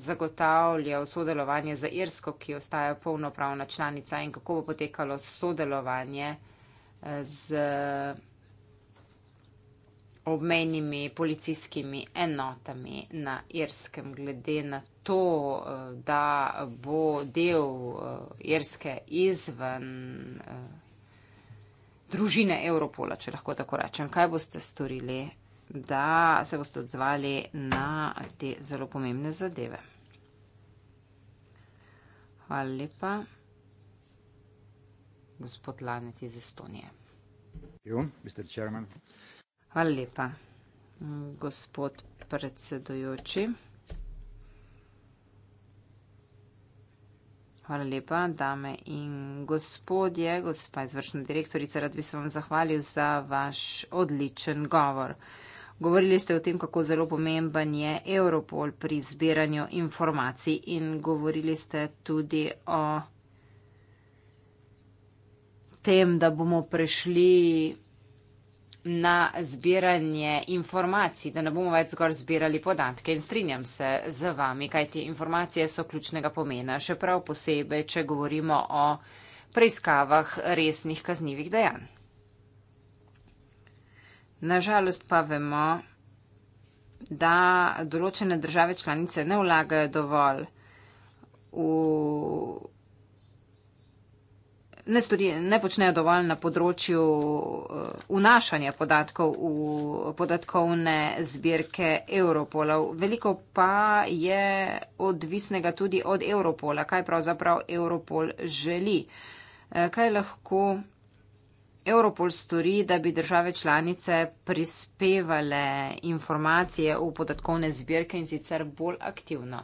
zagotavljal sodelovanje za Irsko, ki ostaja polnopravna članica, in kako bo potekalo sodelovanje eh, z. Uh, obmejnimi policijskimi enotami na Irskem, glede na to, eh, da bo del eh, Irske izven eh, družine Evropola, če lahko tako rečem. Kaj boste storili, da se boste odzvali na te zelo pomembne zadeve? Hvala lepa, gospod Lanet iz Estonije. You, Hvala lepa, gospod predsedujoči. Hvala lepa, dame in gospodje, gospa izvršna direktorica, rad bi se vam zahvalil za vaš odličen govor. Govorili ste o tem, kako zelo pomemben je Europol pri zbiranju informacij in govorili ste tudi o tem, da bomo prešli na zbiranje informacij, da ne bomo več zgolj zbirali podatke. In strinjam se z vami, kajti informacije so ključnega pomena, še prav posebej, če govorimo o preiskavah resnih kaznjivih dejanj. Nažalost pa vemo, da določene države članice ne vlagajo dovolj v ne, stori, ne počnejo dovolj na področju unašanja uh, podatkov v podatkovne zbirke Europola. Veliko pa je odvisnega tudi od Europola, kaj pravzaprav Europol želi. Uh, kaj lahko Europol stori, da bi države članice prispevale informacije v podatkovne zbirke in sicer bolj aktivno?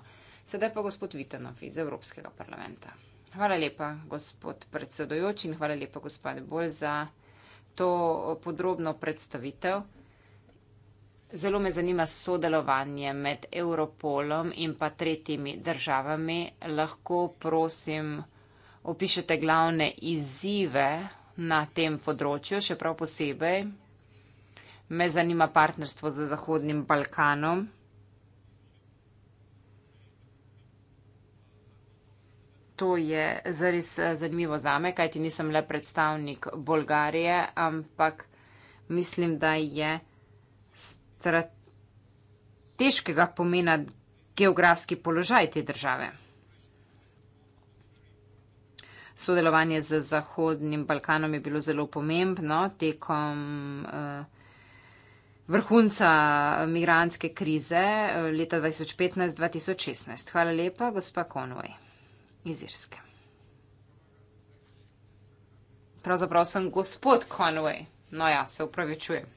Sedaj pa gospod Vitanov iz Evropskega parlamenta. Hvala lepa, gospod predsedojoči in hvala lepa, gospod Bolj, za to podrobno predstavitev. Zelo me zanima sodelovanje med Europolom in pa tretjimi državami. Lahko, prosim, opišete glavne izzive na tem področju, še prav posebej. Me zanima partnerstvo z Zahodnim Balkanom. to je zares eh, zanimivo zame, kajti nisem le predstavnik Bolgarije, ampak mislim, da je strateškega pomena geografski položaj te države. Sodelovanje z Zahodnim Balkanom je bilo zelo pomembno tekom eh, vrhunca migranske krize eh, leta 2015-2016. Hvala lepa, gospa Konvoj iz Irske. Pravzaprav sem gospod Conway, no ja, se upravičujem.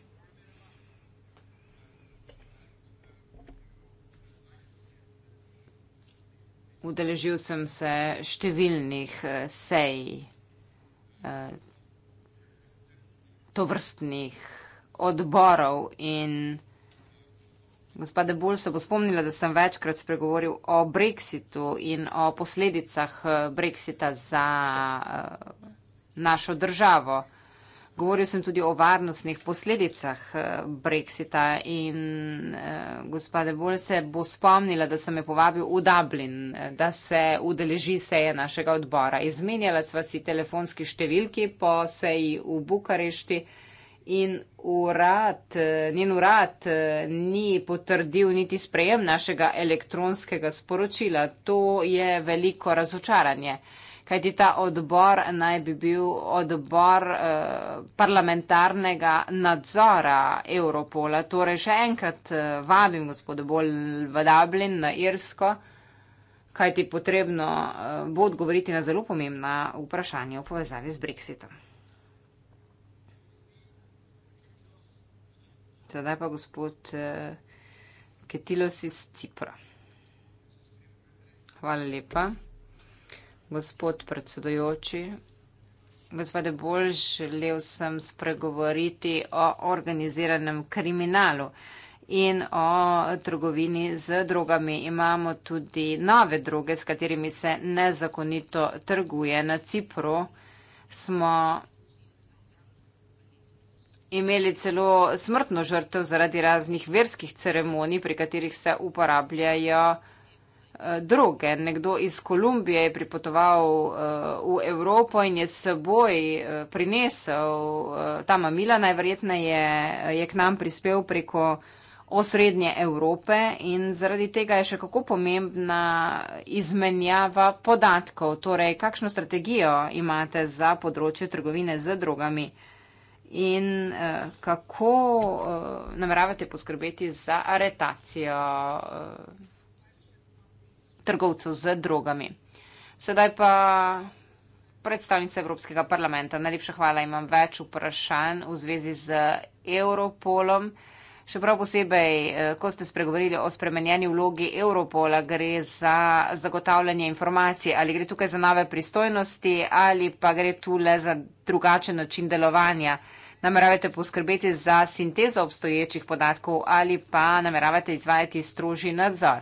Udeležil sem se številnih eh, sej, eh, tovrstnih odborov in Gospa Debol se bo spomnila, da sem večkrat spregovoril o Brexitu in o posledicah eh, Brexita za eh, našo državo. Govoril sem tudi o varnostnih posledicah eh, Brexita in gospa Debol se bo spomnila, da sem me povabil v Dublin, da se udeleži seje našega odbora. Izmenjala sva si telefonski številki po seji v Bukarešti in urad, eh, njen urad eh, ni potrdil niti sprejem našega elektronskega sporočila. To je veliko razočaranje. Kajti ta odbor naj bi bil odbor eh, parlamentarnega nadzora Europola. Torej še enkrat eh, vabim gospodo Bolj v Dublin na Irsko, kajti potrebno eh, bo odgovoriti na zelo pomembna vprašanja v povezavi z Brexitom. Sedaj pa gospod uh, Ketilos iz Cipra. Hvala lepa. Gospod predsedojoči, gospode Bolj, želel sem spregovoriti o organiziranem kriminalu in o trgovini z drogami. Imamo tudi nove droge, s katerimi se nezakonito trguje. Na Cipru smo imeli celo smrtno žrtev zaradi raznih verskih ceremonij, pri katerih se uporabljajo eh, droge. Nekdo iz Kolumbije je pripotoval eh, v Evropo in je seboj eh, prinesel ta mamila, najverjetneje je k nam prispel preko osrednje Evrope in zaradi tega je še kako pomembna izmenjava podatkov. Torej, kakšno strategijo imate za področje trgovine z drogami? in uh, kako uh, nameravate poskrbeti za aretacijo uh, trgovcev z drogami. Sedaj pa predstavnica Evropskega parlamenta. Najlepša hvala, imam več vprašanj v zvezi z Europolom. Še prav posebej, ko ste spregovorili o spremenjeni vlogi Europola, gre za zagotavljanje informacij, ali gre tukaj za nove pristojnosti ali pa gre tu le za drugačen način delovanja. Nameravate poskrbeti za sintezo obstoječih podatkov ali pa nameravate izvajati stroži nadzor?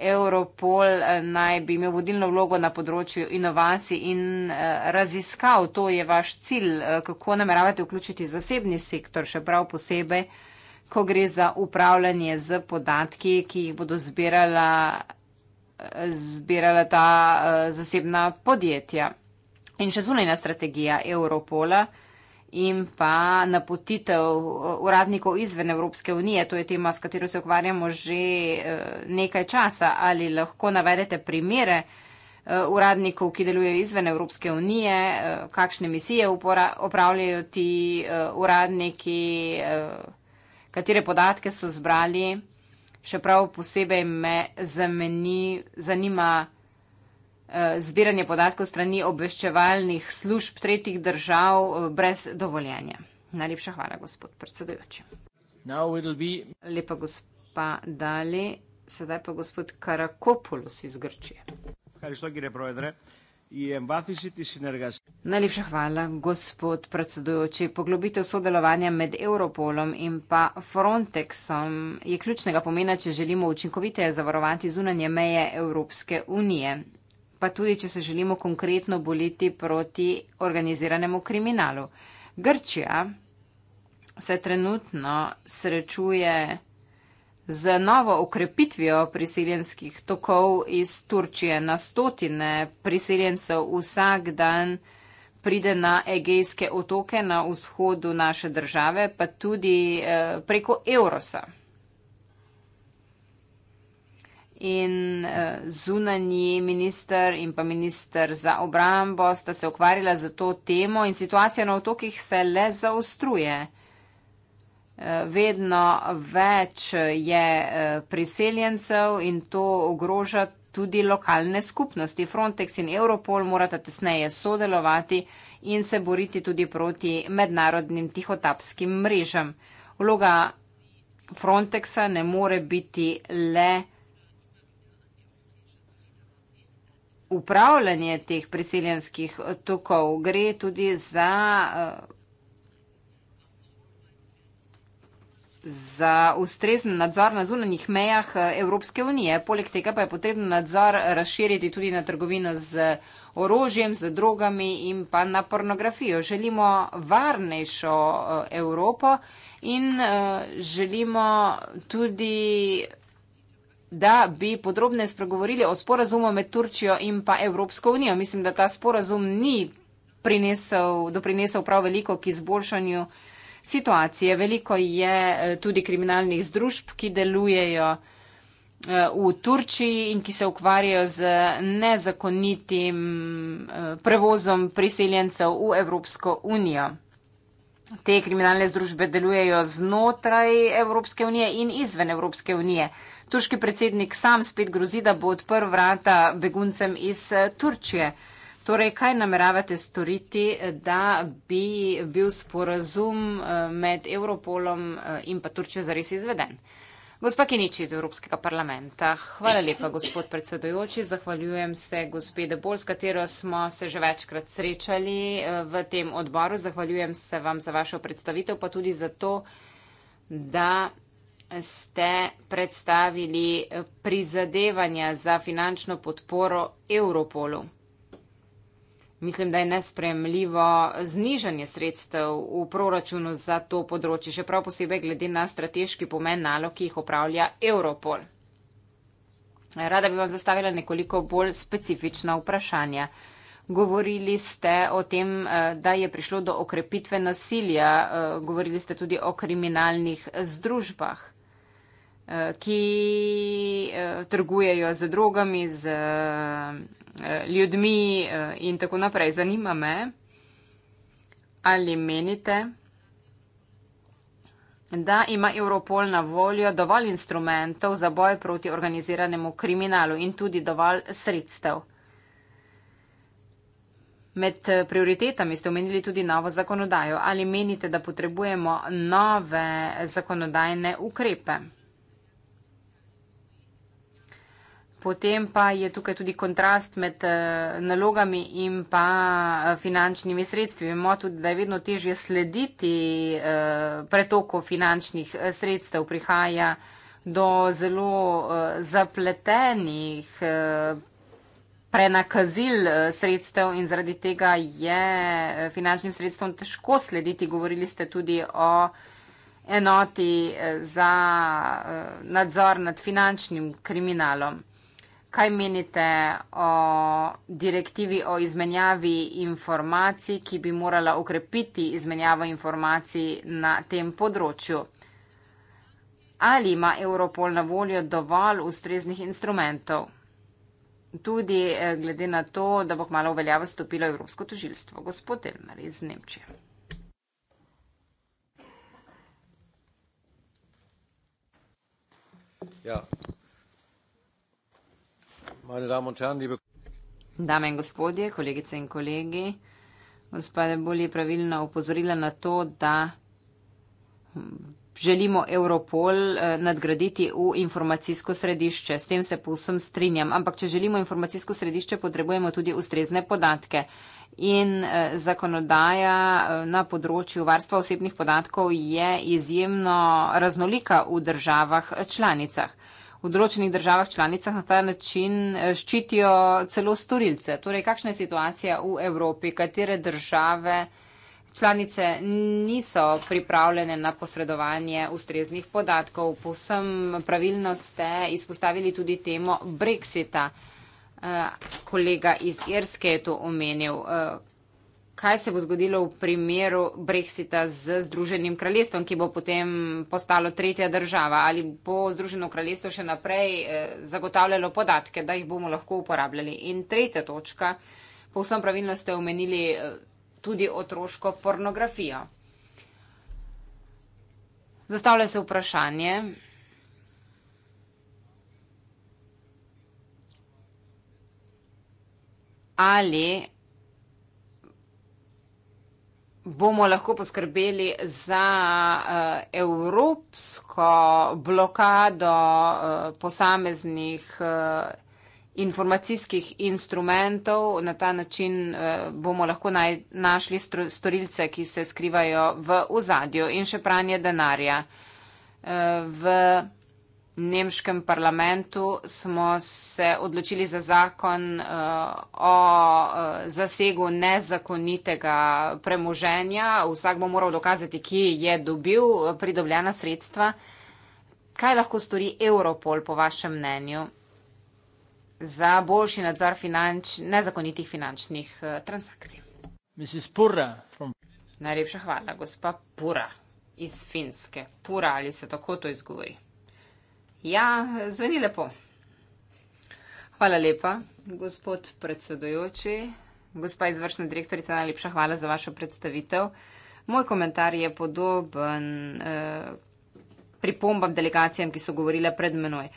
Europol eh, naj bi imel vodilno vlogo na področju inovacij in eh, raziskav. To je vaš cilj. Eh, kako nameravate vključiti zasebni sektor, še prav posebej, ko gre za upravljanje z podatki, ki jih bodo zbirala, zbirala ta zasebna podjetja? In še zunajna strategija Europola in pa napotitev eh, uradnikov izven Evropske unije. To je tema, s katero se ukvarjamo že eh, nekaj časa. Ali lahko navedete primere eh, uradnikov, ki delujejo izven Evropske unije, kakšne misije upravljajo ti uradniki, katere podatke so zbrali? Še prav posebej me zanima, Eh, zbiranje podatkov strani obveščevalnih služb tretjih držav eh, brez dovoljenja. Najlepša hvala, gospod predsedujoči. Be... Lepa gospa Dali, sedaj pa gospod Karakopoulos iz Grčije. Najlepša hvala, gospod predsedujoči. Poglobitev sodelovanja med Europolom in pa Frontexom je ključnega pomena, če želimo učinkoviteje zavarovati zunanje meje Evropske unije pa tudi, če se želimo konkretno boliti proti organiziranemu kriminalu. Grčija se trenutno srečuje z novo ukrepitvijo priseljenskih tokov iz Turčije. Na stotine priseljencev vsak dan pride na Egejske otoke na vzhodu naše države, pa tudi eh, preko Eurosa. In eh, zunanji minister in pa minister za obrambo sta se ukvarjala z to temo in situacija na otokih se le zaostruje. Eh, vedno več je eh, priseljencev in to ogroža tudi lokalne skupnosti. Frontex in Europol morata tesneje sodelovati in se boriti tudi proti mednarodnim tihotapskim mrežam. Vloga Frontexa ne more biti le. upravljanje teh priseljenskih tokov, gre tudi za, eh, za ustrezen nadzor na zunanjih mejah eh, Evropske unije. Poleg tega pa je potrebno nadzor razširiti tudi na trgovino z orožjem, z drogami in pa na pornografijo. Želimo varnejšo eh, Evropo in želimo tudi da bi podrobne spregovorili o sporazumu med Turčijo in pa Evropsko unijo. Mislim, da ta sporazum ni prinesel, doprinesel prav veliko k izboljšanju situacije. Veliko je eh, tudi kriminalnih združb, ki delujejo eh, v Turčiji in ki se ukvarjajo z nezakonitim eh, prevozom priseljencev v Evropsko unijo. Te kriminalne združbe delujejo znotraj Evropske unije in izven Evropske unije. Turški predsednik sam spet grozi, da bo odprl vrata beguncem iz eh, Turčije. Torej, kaj nameravate storiti, eh, da bi bil sporazum eh, med Evropolom in pa Turčijo zares izveden? Gospa Kiniči iz Evropskega parlamenta, hvala lepa, gospod predsedojoči. Zahvaljujem se gospede Bol, s katero smo se že večkrat srečali v tem odboru. Zahvaljujem se vam za vašo predstavitev, pa tudi za to, da ste predstavili prizadevanja za finančno podporo Europolu. Mislim, da je nespremljivo znižanje sredstev v proračunu za to področje, še prav posebej glede na strateški pomen nalog, ki jih upravlja Europol. Rada bi vam zastavila nekoliko bolj specifična vprašanja. Govorili ste o tem, eh, da je prišlo do okrepitve nasilja, eh, govorili ste tudi o kriminalnih združbah ki eh, trgujejo z drogami, z eh, ljudmi eh, in tako naprej. Zanima me, ali menite, da ima Europol na voljo dovolj instrumentov za boj proti organiziranemu kriminalu in tudi dovolj sredstev. Med prioritetami ste omenili tudi novo zakonodajo. Ali menite, da potrebujemo nove zakonodajne ukrepe? Potem pa je tukaj tudi kontrast med eh, nalogami in pa eh, finančnimi sredstvi. Vemo tudi, da je vedno težje slediti eh, pretoko finančnih sredstev. Prihaja do zelo zapletenih prenakazil sredstev in zaradi tega je finančnim sredstvom težko slediti. Govorili ste tudi o enoti za nadzor nad finančnim kriminalom. Kaj menite o direktivi o izmenjavi informacij, ki bi morala ukrepiti izmenjavo informacij na tem področju? Ali ima Europol na voljo dovolj ustreznih instrumentov? Tudi eh, glede na to, da bo kmalo uveljavo stopilo Evropsko tožilstvo. Gospod Elmar iz Nemčije. Ja, Dame in gospodje, kolegice in kolegi, gospode bolj je pravilno upozorila na to, da želimo Europol eh, nadgraditi v informacijsko središče. S tem se povsem strinjam. Ampak, če želimo informacijsko središče, potrebujemo tudi ustrezne podatke. In eh, zakonodaja eh, na področju varstva osebnih podatkov je izjemno raznolika v državah članicah v določenih državah članicah na ta način eh, ščitijo celo storilce. Torej, kakšna je situacija v Evropi, katere države članice niso pripravljene na posredovanje ustreznih podatkov. Povsem pravilno ste izpostavili tudi temo Brexita. Eh, kolega iz Irske je to omenil. Eh, kaj se bo zgodilo v primeru brexita z Združenim kraljestvom, ki bo potem postalo tretja država. Ali bo Združeno kraljestvo še naprej eh, zagotavljalo podatke, da jih bomo lahko uporabljali. In tretja točka, povsem pravilno ste omenili eh, tudi otroško pornografijo. Zastavlja se vprašanje. Ali bomo lahko poskrbeli za uh, evropsko blokado uh, posameznih uh, informacijskih instrumentov. Na ta način uh, bomo lahko naj, našli storilce, ki se skrivajo v ozadju in še pranje denarja. Uh, nemškem parlamentu smo se odločili za zakon eh, o eh, zasegu nezakonitega premoženja. Vsak bo moral dokazati, ki je dobil eh, pridobljena sredstva. Kaj lahko stori Europol, po vašem mnenju, za boljši nadzor finanč, nezakonitih finančnih transakcij? From... Najlepša hvala, gospa Pura iz Finske. Pura ali se tako to izgovori? Ja, zveni lepo. Hvala lepa, gospod predsedojoči. Gospa izvršna direktorica, najlepša hvala za vašo predstavitev. Moj komentar je podoben eh, pripombam delegacijam, ki so govorile pred menoj.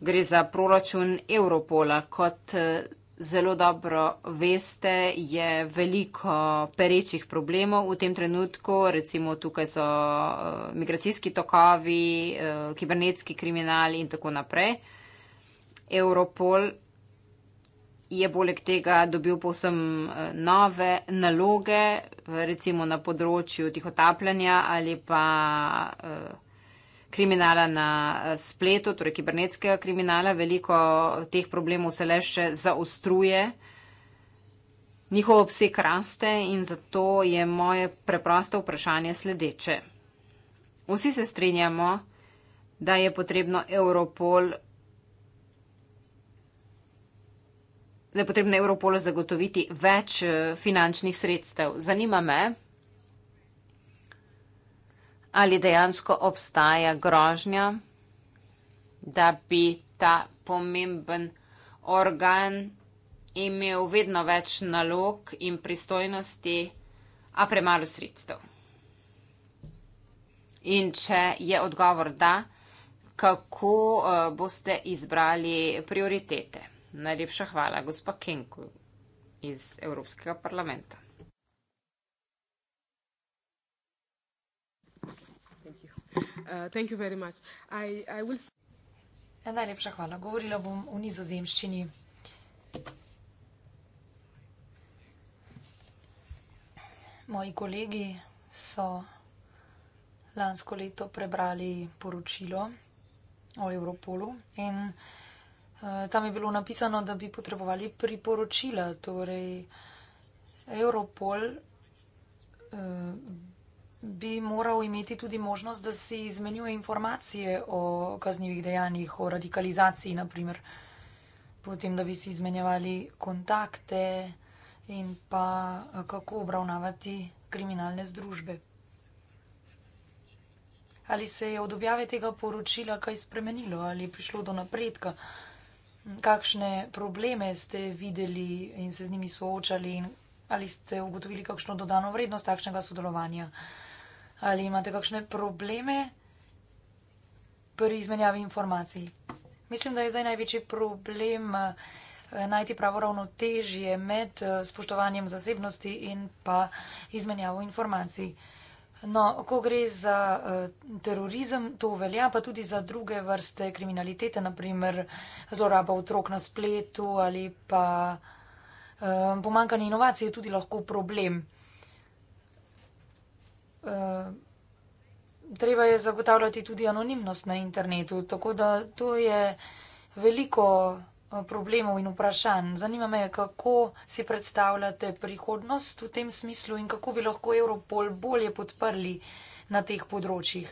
Gre za proračun Evropola kot. Eh, zelo dobro veste, je veliko perečih problemov v tem trenutku. Recimo tukaj so eh, migracijski tokovi, eh, kibernetski kriminal in tako naprej. Europol je poleg tega dobil povsem eh, nove naloge, recimo na področju tihotapljanja ali pa. Uh, kriminala na eh, spletu, torej kibernetskega kriminala. Veliko teh problemov se le še zaostruje, njihov obseg raste in zato je moje preprosto vprašanje sledeče. Vsi se strinjamo, da je potrebno Europol. Da je potrebno Europolu zagotoviti več eh, finančnih sredstev. Zanima me, ali dejansko obstaja grožnja, da bi ta pomemben organ imel vedno več nalog in pristojnosti, a premalo sredstev. In če je odgovor da, kako eh, boste izbrali prioritete? Najlepša hvala, gospa Kenku iz Evropskega parlamenta. Uh, thank you very much. I, I will... Ja, najlepša hvala. Govorila bom v nizozemščini. Moji kolegi so lansko leto prebrali poročilo o Evropolu in uh, tam je bilo napisano, da bi potrebovali priporočila. Torej, Evropol uh, bi moral imeti tudi možnost, da si izmenjuje informacije o kaznjivih dejanjih, o radikalizaciji, naprimer. potem, da bi si izmenjevali kontakte in pa eh, kako obravnavati kriminalne združbe. Ali se je od objave tega poročila kaj spremenilo, ali je prišlo do napredka? Kakšne probleme ste videli in se z njimi soočali, in ali ste ugotovili kakšno dodano vrednost takšnega sodelovanja? ali imate kakšne probleme pri izmenjavi informacij. Mislim, da je zdaj največji problem eh, najti pravo ravnotežje med eh, spoštovanjem zasebnosti in pa izmenjavo informacij. No, ko gre za eh, terorizem, to velja pa tudi za druge vrste kriminalitete, naprimer zloraba otrok na spletu ali pa pomankanje inovacij je tudi lahko problem. Eh, treba je zagotavljati tudi anonimnost na internetu, tako da to je veliko eh, problemov in vprašanj. Zanima me, kako si predstavljate prihodnost v tem smislu in kako bi lahko Europol bolje podprli na teh področjih.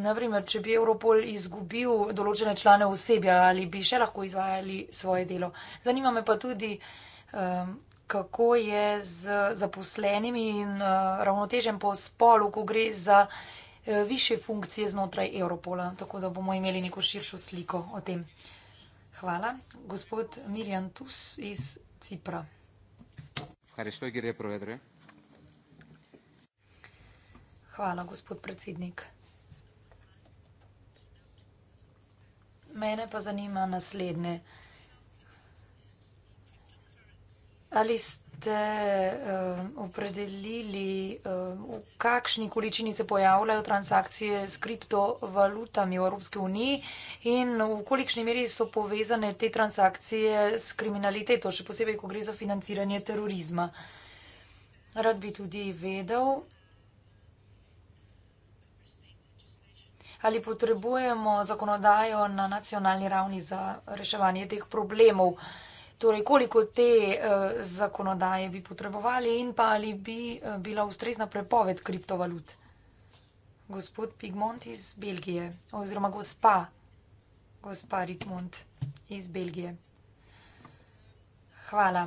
Naprimer, če bi Europol izgubil določene člane osebja ali bi še lahko izvajali svoje delo. Zanima me pa tudi, um, kako je z zaposlenimi in eh, ravnotežen po spolu, ko gre za eh, više funkcije znotraj Evropola. Tako da bomo imeli neko širšo sliko o tem. Hvala. Gospod Mirjan Tus iz Cipra. Hvala, gospod predsednik. Mene pa zanima naslednje. Ali ste uh, opredelili, uh, v kakšni količini se pojavljajo transakcije s kriptovalutami v Evropski uniji in v kolikšni meri so povezane te transakcije s kriminaliteto, še posebej, ko gre za financiranje terorizma? Rad bi tudi vedel, ali potrebujemo zakonodajo na nacionalni ravni za reševanje teh problemov. Uh, torej koliko te uh, zakonodaje bi potrebovali in pa ali bi uh, bila ustrezna prepoved kriptovalut. Gospod Pigmont iz Belgije, oziroma gospa, gospa Rigmont iz Belgije. Hvala.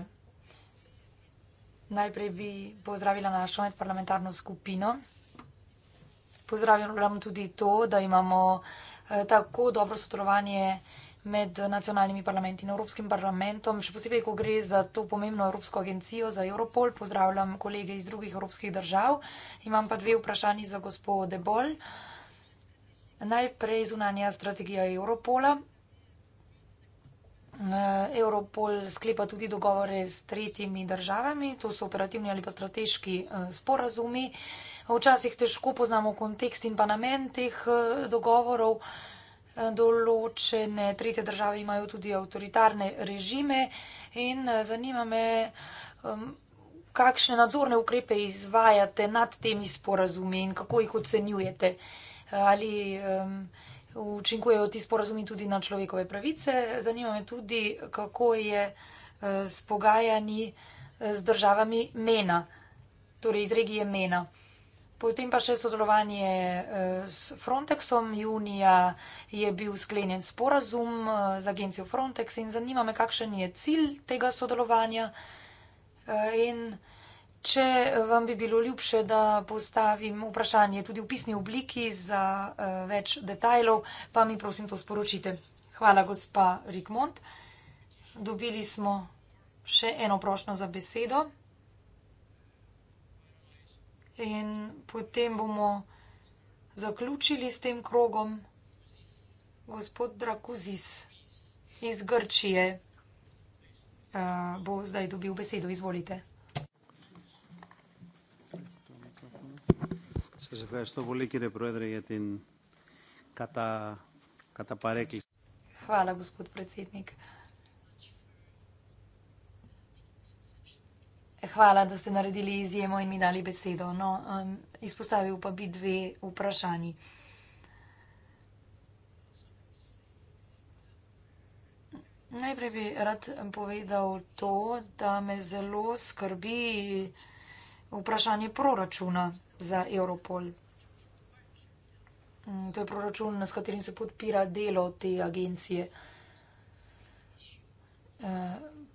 Najprej bi pozdravila našo medparlamentarno skupino. Pozdravljam tudi to, da imamo eh, tako dobro sodelovanje uh, med nacionalnimi parlamenti in Evropskim parlamentom, še posebej, ko gre za to pomembno Evropsko agencijo za Europol. Pozdravljam kolege iz drugih evropskih držav. Imam pa dve vprašanji za gospod Debol. Najprej zunanja strategija Europola. Eh, Europol sklepa tudi dogovore s tretjimi državami, to so operativni ali pa strateški eh, sporazumi. Včasih težko poznamo kontekst in pa namen teh eh, dogovorov določene tretje države imajo tudi avtoritarne režime in eh, zanima me, kakšne nadzorne ukrepe izvajate nad temi sporazumi in kako jih ocenjujete. Ali učinkujejo ti sporazumi tudi na človekove pravice? Zanima me tudi, kako je eh, s pogajanji eh, z državami MENA, torej iz regije MENA. Potem pa še sodelovanje eh, s Frontexom. Junija je bil sklenjen sporazum eh, z agencijo Frontex in zanima me, kakšen je cilj tega sodelovanja eh, in če vam bi bilo ljubše, da postavim vprašanje tudi v pisni obliki za več detajlov, pa mi prosim to sporočite. Hvala, gospa Rikmont. Dobili smo še eno prošljo za besedo in potem bomo zaključili s tem krogom. Gospod Drakuzis iz Grčije eh, bo zdaj dobil besedo. Izvolite. Hvala, gospod predsednik. Hvala, da ste naredili izjemo in mi dali besedo. No, um, izpostavil pa bi dve vprašanji. Najprej bi rad povedal to, da me zelo skrbi vprašanje proračuna za Europol. Mm, to je proračun, s katerim se podpira delo te agencije. Uh,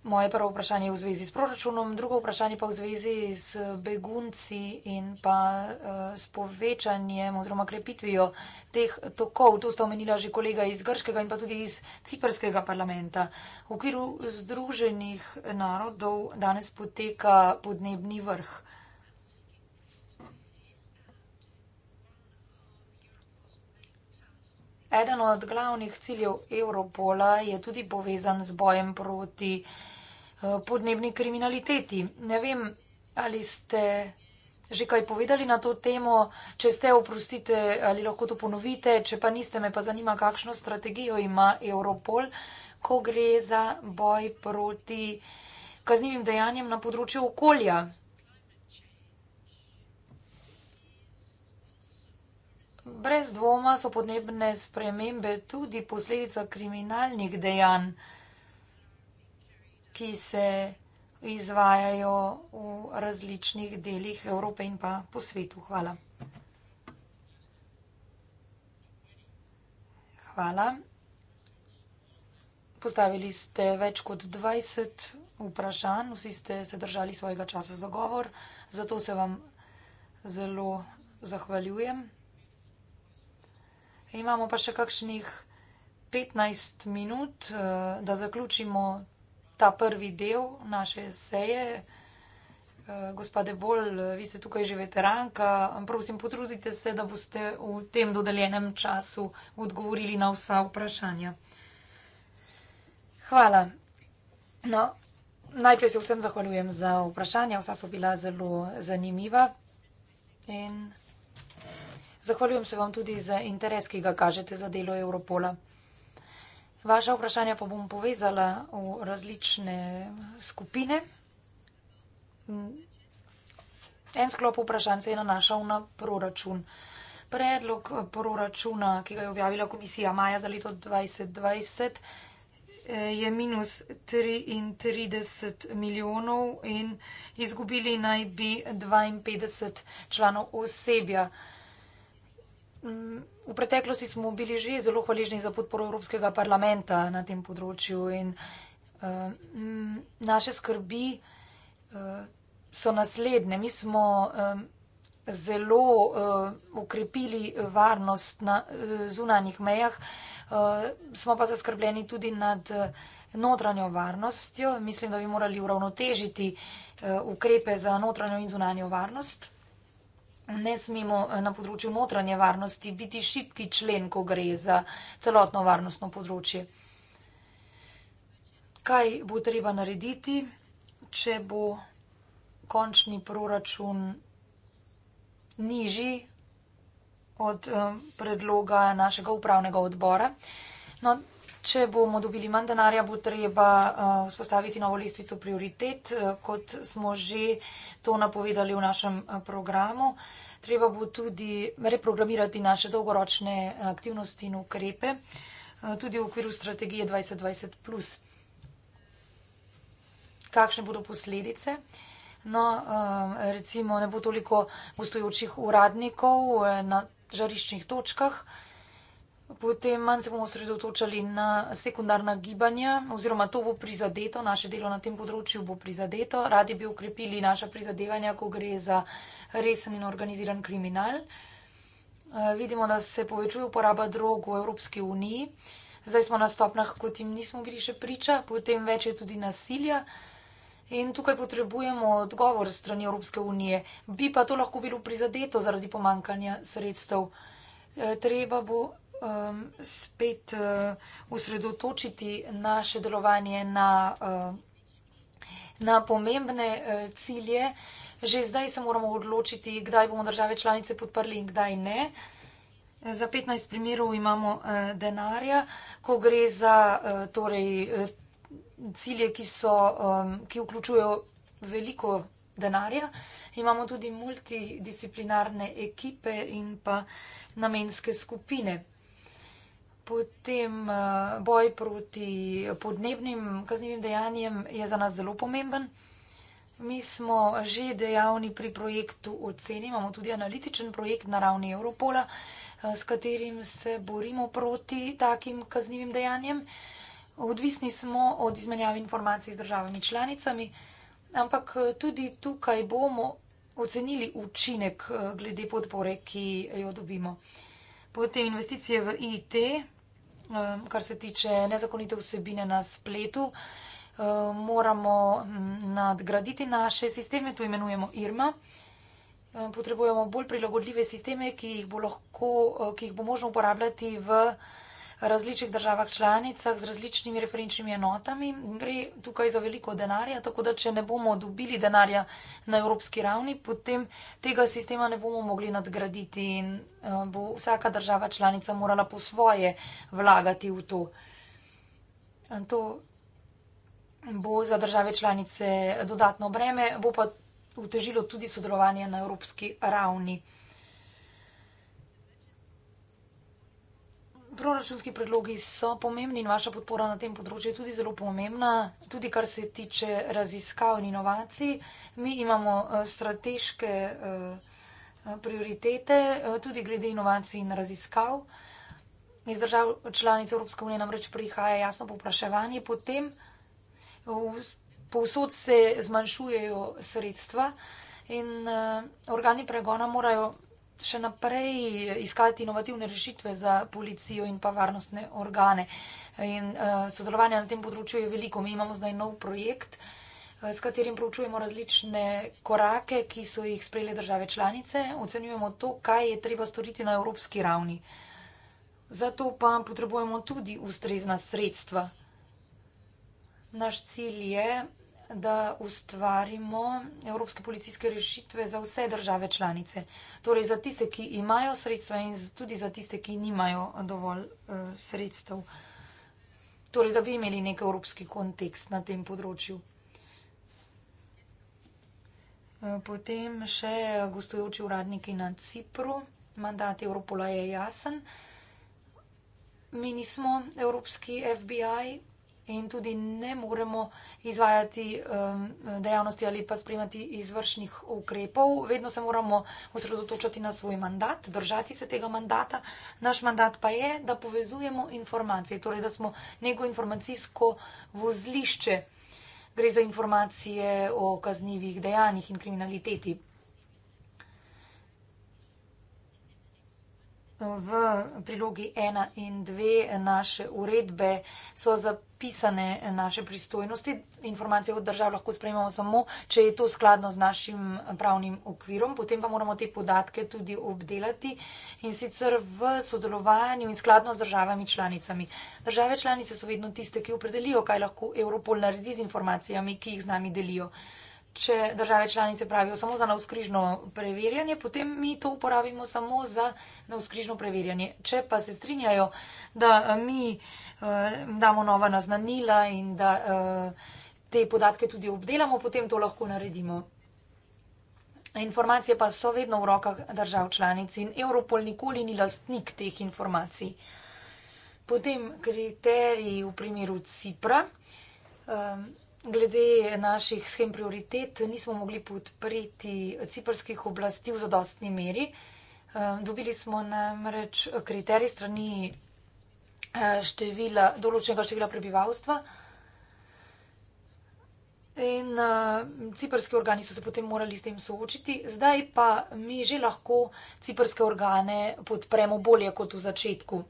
Moje prvo vprašanje je v zvezi s proračunom, drugo vprašanje pa v zvezi s begunci in pa eh, s povečanjem oziroma krepitvijo teh tokov. To sta omenila že kolega iz grškega in pa tudi iz ciprskega parlamenta. V okviru Združenih narodov danes poteka podnebni vrh. Eden od glavnih ciljev Evropola je tudi povezan z bojem proti. Eh, podnebni kriminaliteti. Ne vem, ali ste že kaj povedali na to temo, če ste oprostite, ali lahko to ponovite, če pa niste, me pa zanima, kakšno strategijo ima Europol, ko gre za boj proti kaznivim dejanjem na področju okolja. Brez dvoma so podnebne spremembe tudi posledica kriminalnih dejanj ki se izvajajo v različnih delih Evrope in pa po svetu. Hvala. Hvala. Postavili ste več kot 20 vprašanj, vsi ste se držali svojega časa za govor, zato se vam zelo zahvaljujem. Imamo pa še kakšnih 15 minut, eh, da zaključimo ta prvi del naše seje. Eh, Gospode Bol, eh, vi ste tukaj že veteranka, prosim, potrudite se, da boste v tem dodeljenem času odgovorili na vsa vprašanja. Hvala. No, najprej se vsem zahvaljujem za vprašanja, vsa so bila zelo zanimiva. In zahvaljujem se vam tudi za interes, ki ga kažete za delo Evropola. Vaša vprašanja pa bom povezala v različne skupine. En sklop vprašanj se je nanašal na proračun. Predlog proračuna, ki ga je objavila komisija maja za leto 2020, je minus 33 milijonov in izgubili naj bi 52 članov osebja. V preteklosti smo bili že zelo hvaležni za podporo Evropskega parlamenta na tem področju in uh, naše skrbi uh, so naslednje. Mi smo um, zelo uh, ukrepili varnost na uh, zunanjih mejah, uh, smo pa zaskrbljeni tudi nad uh, notranjo varnostjo. Mislim, da bi morali uravnotežiti uh, ukrepe za notranjo in zunanjo varnost ne smemo eh, na področju notranje varnosti biti šibki člen, ko gre za celotno varnostno področje. Kaj bo treba narediti, če bo končni proračun nižji od eh, predloga našega upravnega odbora? No, Če bomo dobili manj denarja, bo treba eh, vzpostaviti novo lestvico prioritet, eh, kot smo že to napovedali v našem eh, programu. Treba bo tudi reprogramirati naše dolgoročne aktivnosti in ukrepe, tudi v okviru strategije 2020+. Kakšne bodo posledice? No, recimo ne bo toliko gostujočih uradnikov na žariščnih točkah, Potem manj se bomo osredotočali na sekundarna gibanja, oziroma to bo prizadeto, naše delo na tem področju bo prizadeto. Radi bi ukrepili naša prizadevanja, ko gre za resen in organiziran kriminal. Eh, vidimo, da se povečuje uporaba drog v Evropski uniji. Zdaj smo na stopnah, kot jim nismo bili še priča, potem več je tudi nasilja. In tukaj potrebujemo odgovor strani Evropske unije. Bi pa to lahko bilo prizadeto zaradi pomankanja sredstev. Eh, treba bo um, spet uh, usredotočiti naše delovanje na, uh, na pomembne uh, cilje. Že zdaj se moramo odločiti, kdaj bomo države članice podprli in kdaj ne. Za 15 primerov imamo uh, denarja, ko gre za uh, torej, uh, cilje, ki, so, um, ki vključujo veliko. Denarja. Imamo tudi multidisciplinarne ekipe in pa namenske skupine potem eh, boj proti podnebnim kaznjivim dejanjem je za nas zelo pomemben. Mi smo že dejavni pri projektu Oceni, imamo tudi analitičen projekt na ravni Evropola, eh, s katerim se borimo proti takim kaznjivim dejanjem. Odvisni smo od izmenjave informacij z državami članicami, ampak eh, tudi tukaj bomo ocenili učinek glede podpore, ki jo dobimo. Potem investicije v IT, kar se tiče nezakonite vsebine na spletu, moramo nadgraditi naše sisteme, tu imenujemo IRMA. Potrebujemo bolj prilagodljive sisteme, ki jih bo, lahko, ki jih bo možno uporabljati v različnih državah članicah z različnimi referenčnimi enotami. Gre tukaj za veliko denarja, tako da če ne bomo dobili denarja na evropski ravni, potem tega sistema ne bomo mogli nadgraditi in eh, bo vsaka država članica morala po svoje vlagati v to. In to bo za države članice dodatno breme, bo pa utežilo tudi sodelovanje na evropski ravni. proračunski predlogi so pomembni in vaša podpora na tem področju je tudi zelo pomembna, tudi kar se tiče raziskav in inovacij. Mi imamo eh, strateške eh, eh, prioritete, tudi glede inovacij in raziskav. Iz držav članic Evropske unije namreč prihaja jasno popraševanje, potem povsod se zmanjšujejo sredstva in organi pregona morajo še naprej iskati inovativne rešitve za policijo in pa varnostne organe. In uh, sodelovanja na tem področju je veliko. Mi imamo zdaj nov projekt, uh, s katerim proučujemo različne korake, ki so jih sprejele države članice, ocenjujemo to, kaj je treba storiti na evropski ravni. Zato pa potrebujemo tudi ustrezna sredstva. Naš cilj je, da ustvarimo evropske policijske rešitve za vse države članice. Torej za tiste, ki imajo sredstva in tudi za tiste, ki nimajo eh, dovolj eh, sredstev. Torej, da bi imeli nek evropski kontekst na tem področju. Eh, potem še gostujoči uradniki na Cipru. Mandat Evropola je jasen. Mi nismo evropski FBI, in tudi ne moremo izvajati um, dejavnosti ali pa sprejemati izvršnih ukrepov. Vedno se moramo osredotočati na svoj mandat, držati se tega mandata. Naš mandat pa je, da povezujemo informacije, torej da smo neko informacijsko vozlišče. Gre za informacije o kaznjivih dejanjih in kriminaliteti. V prilogi 1 in 2 naše uredbe so zapisane predpisane naše pristojnosti. Informacije od držav lahko sprejmemo samo, če je to skladno z našim pravnim okvirom. Potem pa moramo te podatke tudi obdelati in sicer v sodelovanju in skladno z državami članicami. Države članice so vedno tiste, ki opredelijo, kaj lahko Europol naredi z informacijami, ki jih z nami delijo če države članice pravijo samo za navskrižno preverjanje, potem mi to uporabimo samo za navskrižno preverjanje. Če pa se strinjajo, da eh, mi uh, damo nova naznanila in da uh, te podatke tudi obdelamo, potem to lahko naredimo. Informacije pa so vedno v rokah držav članic in Europol nikoli ni lastnik teh informacij. Potem kriteriji v primeru Cipra. Um, glede naših schem prioritet nismo mogli podpreti ciprskih oblasti v zadostni meri. Dobili smo namreč kriterij strani eh, števila, določenega števila prebivalstva. In uh, ciprski organi so se potem morali s tem soočiti, zdaj pa mi že lahko ciprske organe podpremo bolje kot v začetku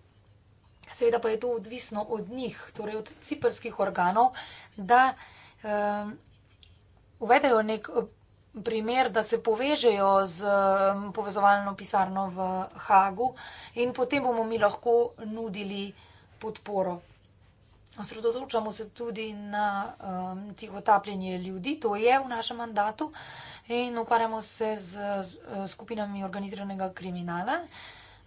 seveda pa je to odvisno od njih, torej od ciprskih organov, da um, uvedejo nek eh, primer, da se povežejo z um, povezovalno pisarno v Hagu in potem bomo mi lahko nudili podporo. Osredotočamo se tudi na um, ehm, tiho tapljenje ljudi, to je v našem mandatu, in ukvarjamo se z, z, z skupinami organiziranega kriminala. Uh,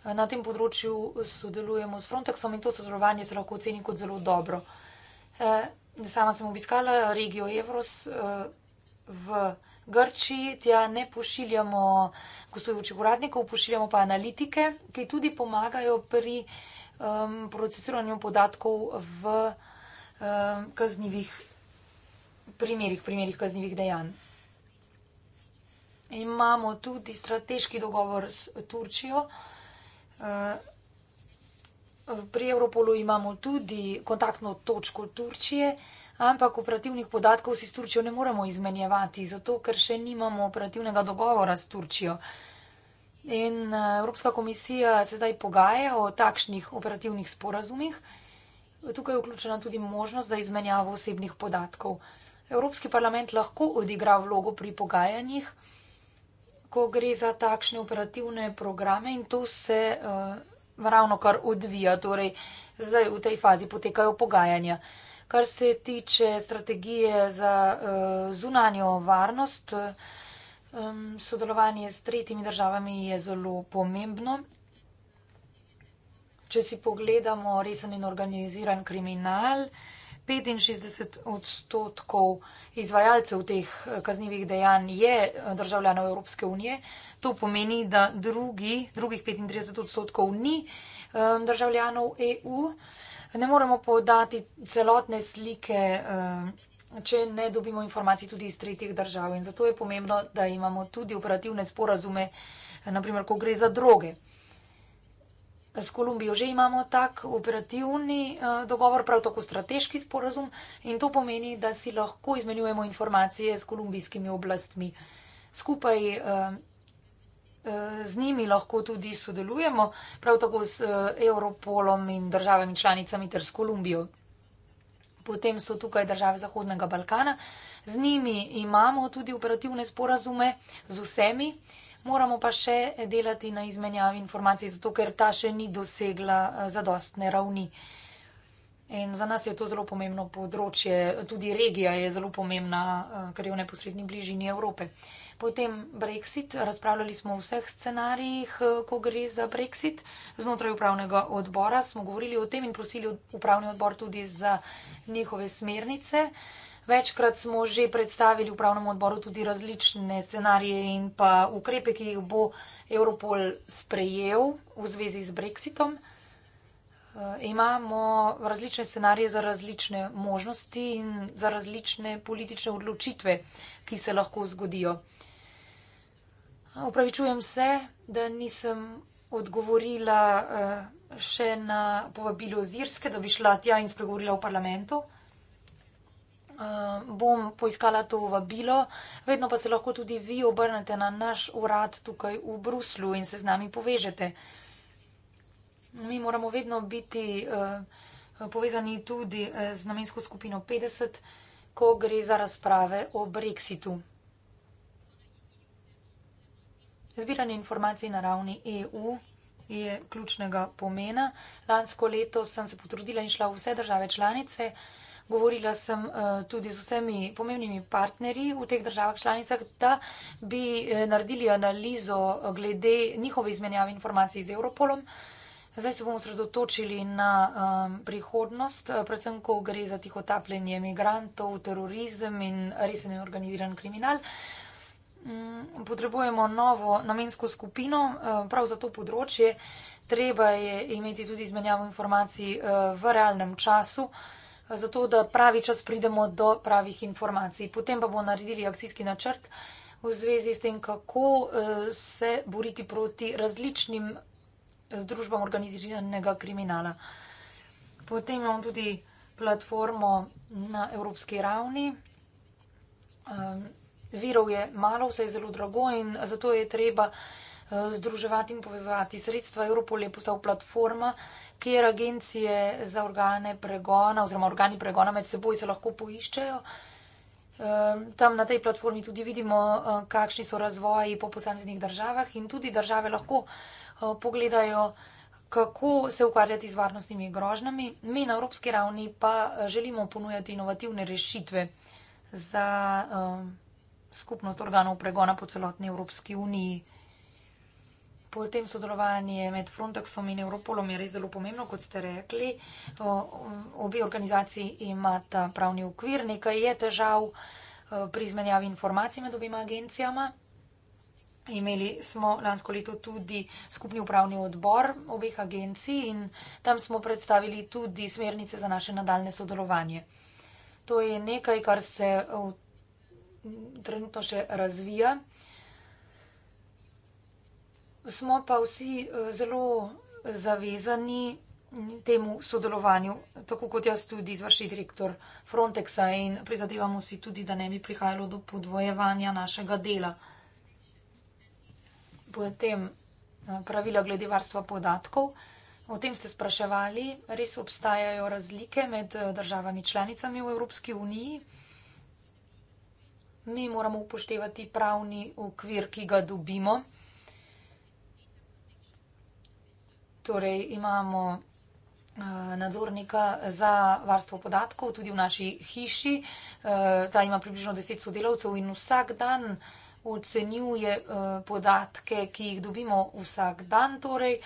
Eh, na tem področju eh, sodelujemo s Frontexom in to sodelovanje se lahko oceni kot zelo dobro. Eh, sama sem obiskala regijo Evros v Grčiji, tja ne pošiljamo gostujočih uradnikov, pošiljamo pa analitike, ki tudi pomagajo pri ehm, procesiranju podatkov v ehm, kaznjivih primerih, primerih kaznjivih dejanj. Imamo tudi strateški dogovor s Turčijo. Eh, pri Evropolu imamo tudi kontaktno točko Turčije, ampak operativnih podatkov si s Turčijo ne moremo izmenjevati, zato ker še nimamo operativnega dogovora s Turčijo. In eh, Evropska komisija se zdaj pogaja o takšnih operativnih sporazumih. Tukaj je vključena tudi možnost za izmenjavo osebnih podatkov. Evropski parlament lahko odigra vlogo pri pogajanjih ko gre za takšne operativne programe in to se uh, ravno kar odvija, torej zdaj v tej fazi potekajo pogajanja. Kar se tiče strategije za uh, zunanjo varnost, um, sodelovanje s tretjimi državami je zelo pomembno. Če si pogledamo resen in organiziran kriminal, uh, 65 odstotkov izvajalcev teh eh, kaznjivih dejanj je eh, državljanov Evropske unije. To pomeni, da drugi, drugih 35 odstotkov ni eh, državljanov EU. Ne moremo podati celotne slike, če ne dobimo informacij tudi iz tretjih držav. In zato je pomembno, da imamo tudi operativne sporazume, naprimer, ko gre za droge. S Kolumbijo že imamo tak operativni eh, dogovor, prav tako strateški sporazum, in to pomeni, da si lahko izmenjujemo informacije s kolumbijskimi oblastmi. Skupaj eh, eh, z njimi lahko tudi sodelujemo, prav tako s eh, Europolom in državami članicami ter s Kolumbijo. Potem so tukaj države Zahodnega Balkana, z njimi imamo tudi operativne sporazume, z vsemi eh, moramo pa še delati na izmenjavi informacij, zato ker ta še ni dosegla eh, zadostne ravni. In za nas je to zelo pomembno področje, tudi regija je zelo pomembna, eh, ker je v neposrednji bližini Evrope. Potem Brexit, razpravljali smo o vseh scenarijih, eh, ko gre za Brexit. Znotraj upravnega odbora smo govorili o tem in prosili upravni odbor tudi za njihove smernice. Večkrat smo že predstavili v pravnem odboru tudi različne scenarije in pa ukrepe, ki jih bo Europol sprejel v zvezi z Brexitom. Eh, imamo različne scenarije za različne možnosti in za različne politične odločitve, ki se lahko zgodijo. Upravičujem se, da nisem odgovorila eh, še na povabilo z Irske, da bi šla tja in spregovorila v parlamentu. Eh, bom poiskala to vabilo. Vedno pa se lahko tudi vi obrnete na naš urad tukaj v Bruslu in se z nami povežete. Mi moramo vedno biti eh, povezani tudi eh, z namensko skupino 50, ko gre za razprave o Brexitu. Zbiranje informacij na ravni EU je ključnega pomena. Lansko leto sem se potrudila in šla v vse države članice, ki so vse države članice, Govorila sem eh, tudi z vsemi pomembnimi partnerji v teh državah članicah, da bi eh, naredili analizo glede njihove izmenjave informacij z Europolom. Zdaj se bomo sredotočili na eh, prihodnost, predvsem, ko gre za tiho tapljenje migrantov, terorizem in resen organiziran kriminal. Mm, potrebujemo novo namensko skupino, prav za to področje. Treba je imeti tudi izmenjavo informacij v realnem času, zato da pravi čas pridemo do pravih informacij. Potem pa bomo naredili akcijski načrt v zvezi s tem, kako eh, se boriti proti različnim združbam eh, organiziranega kriminala. Potem imamo tudi platformo na evropski ravni. Eh, virov je malo, vse je zelo drago in zato je treba združevati in povezovati sredstva. Europol je postal platforma, kjer agencije za organe pregona oziroma organi pregona med seboj se lahko poiščejo. Ehm, tam na tej platformi tudi vidimo, eh, kakšni so razvoji po posameznih državah in tudi države lahko eh, pogledajo, kako se ukvarjati z varnostnimi grožnami. Mi na evropski ravni pa eh, želimo ponujati inovativne rešitve za ehm, skupnost organov pregona po celotni Evropski uniji. Potem sodelovanje med Frontexom in Europolom je res zelo pomembno, kot ste rekli. Obi organizaciji imata pravni okvir, nekaj je težav e, pri izmenjavi informacij med obima agencijama. Imeli smo lansko leto tudi skupni upravni odbor obeh agencij in tam smo predstavili tudi smernice za naše nadaljne sodelovanje. To je nekaj, kar se trenutno še razvija. Uh, smo pa vsi eh, zelo zavezani temu sodelovanju, tako kot jaz tudi izvrši direktor Frontexa in prizadevamo si tudi, da ne bi prihajalo do podvojevanja našega dela. Potem eh, pravila glede varstva podatkov. O tem ste spraševali, res obstajajo razlike med eh, državami članicami v Evropski uniji. Mi moramo upoštevati pravni okvir, ki ga dobimo. Torej, imamo eh, nadzornika za varstvo podatkov tudi v naši hiši. Eh, ta ima približno deset sodelavcev in vsak dan ocenjuje eh, podatke, ki jih dobimo vsak dan, torej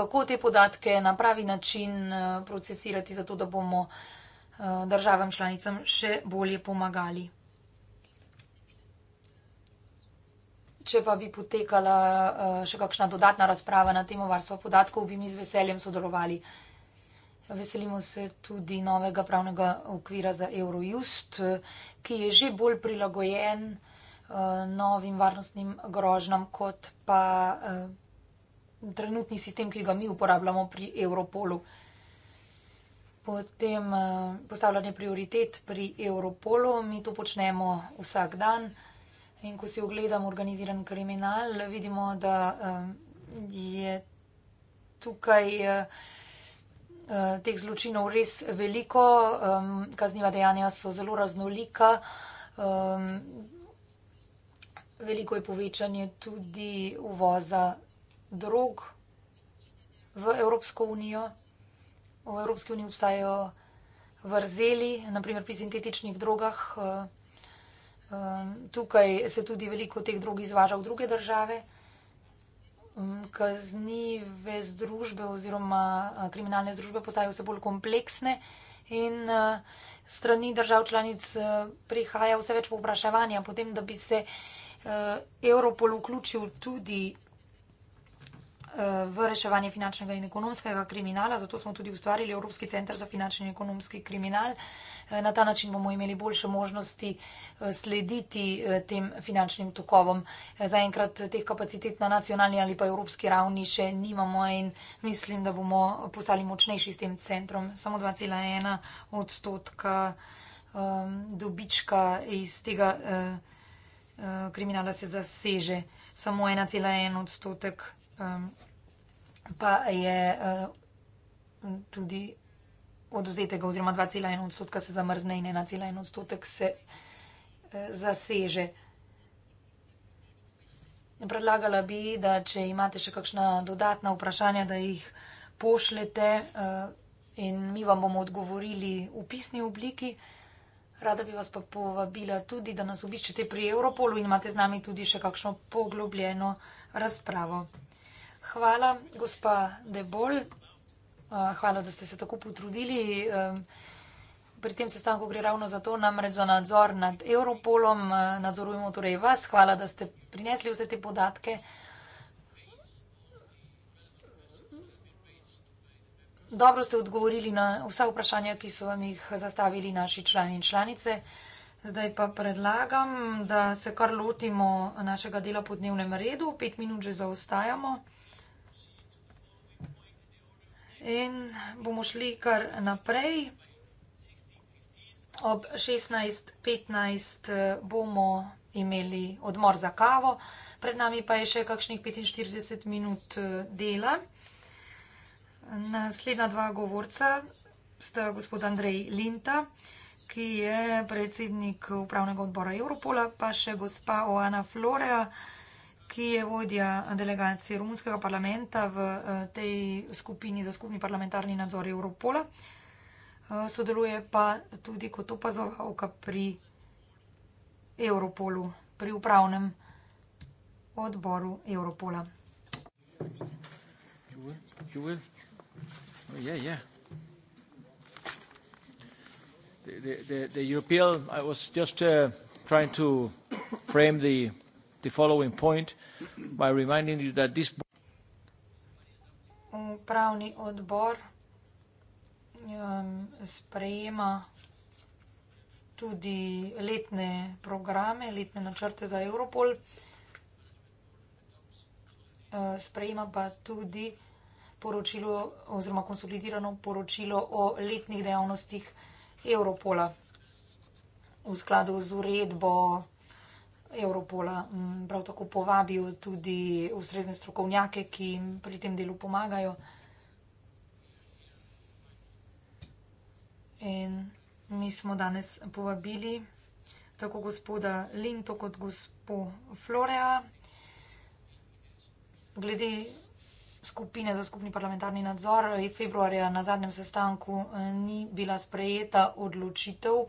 kako te podatke na pravi način procesirati, zato da bomo državam članicam še bolje pomagali. če pa bi potekala eh, še kakšna dodatna razprava na temo varstva podatkov, bi mi z veseljem sodelovali. Veselimo se tudi novega pravnega okvira za Eurojust, ki je že bolj prilagojen eh, novim varnostnim grožnjam kot pa eh, trenutni sistem, ki ga mi uporabljamo pri Europolu. Potem postavljanje prioritet pri Europolu, mi to počnemo vsak dan. In ko si ogledam organiziran kriminal, vidimo, da je tukaj eh, eh, teh zločinov res veliko, kazniva dejanja so zelo raznolika. Veliko je povečanje tudi uvoza drog v Evropsko unijo. V Evropski uniji obstajajo vrzeli, naprimer pri sintetičnih drogah. Eh, Um, tukaj se tudi veliko teh drog izvaža v druge države. Um, kaznive združbe oziroma uh, kriminalne združbe postajajo vse bolj kompleksne in uh, strani držav članic uh, prihaja vse več povpraševanja, potem da bi se uh, Europol vključil tudi v reševanje finančnega in ekonomskega kriminala, zato smo tudi ustvarili Evropski center za finančni in ekonomski kriminal. Eh, na ta način bomo imeli boljše možnosti eh, slediti eh, tem finančnim tokovom. Zaenkrat teh kapacitet na nacionalni ali pa evropski ravni še nimamo in mislim, da bomo postali močnejši s tem centrom. Samo 2,1 odstotka ehm, dobička iz tega kriminala se zaseže. Samo 1,1 odstotek um, pa je uh, tudi oduzetega, oziroma 2,1 odstotka se zamrzne in 1,1 odstotek se uh, zaseže. Predlagala bi, da če imate še kakšna dodatna vprašanja, da jih pošljete uh, in mi vam bomo odgovorili v pisni obliki. Rada bi vas pa povabila tudi, da nas obiščete pri Europolu in imate z nami tudi še kakšno poglobljeno razpravo. Hvala, gospa Debol. Eh, hvala, da ste se tako potrudili. Pri tem sestanku gre ravno za to, namreč za nadzor nad Europolom. Eh, nadzorujemo torej vas. Hvala, da ste prinesli vse te podatke. Dobro ste odgovorili na vsa vprašanja, ki so vam jih zastavili naši člani in članice. Zdaj pa predlagam, da se kar lotimo našega dela po dnevnem redu. Pet minut že zaostajamo. In bomo šli kar naprej. Ob 16.15 eh, bomo imeli odmor za kavo, pred nami pa je še kakšnih 45 minut eh, dela. Naslednja dva govorca sta gospod Andrej Linta, ki je predsednik upravnega odbora Europola, pa še gospa Oana Florea, ki je predsednik upravnega odbora Europola, ki je vodja delegacije Romunskega parlamenta v eh, tej skupini za skupni parlamentarni nadzor Evropola. Eh, sodeluje pa tudi kot opazovalka pri Evropolu, pri upravnem odboru Evropola. Oh, the, the, the European, I was just uh, trying to frame the the following point by reminding you that this Upravni odbor um, sprejema tudi letne programe, letne načrte za Europol, uh, sprejema pa tudi poročilo oziroma konsolidirano poročilo o letnih dejavnostih Europola v skladu z uredbo Evropola mm, prav tako povabijo tudi ustrezne strokovnjake, ki jim pri tem delu pomagajo. In mi smo danes povabili tako gospoda Linto kot gospod Florea. Glede skupine za skupni parlamentarni nadzor, februarja na zadnjem sestanku eh, ni bila sprejeta odločitev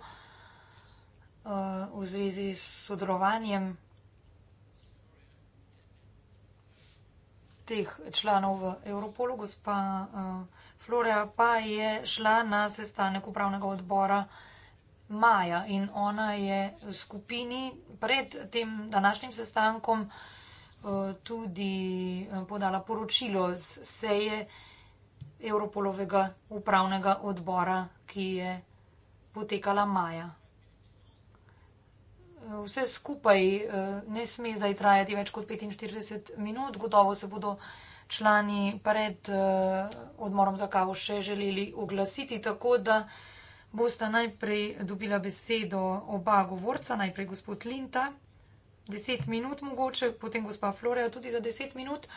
v zvezi s sodelovanjem teh članov v Europolu. Gospa eh, Florea pa je šla na sestanek upravnega odbora maja in ona je v skupini pred tem današnjim sestankom eh, tudi eh, podala poročilo z seje Europolovega upravnega odbora, ki je potekala maja vse skupaj eh, ne sme zdaj trajati več kot 45 minut. Gotovo se bodo člani pred eh, odmorom za kavo še želeli oglasiti, tako da bosta najprej dobila besedo oba govorca, najprej gospod Linta, 10 minut mogoče, potem gospa Floreja tudi za 10 minut,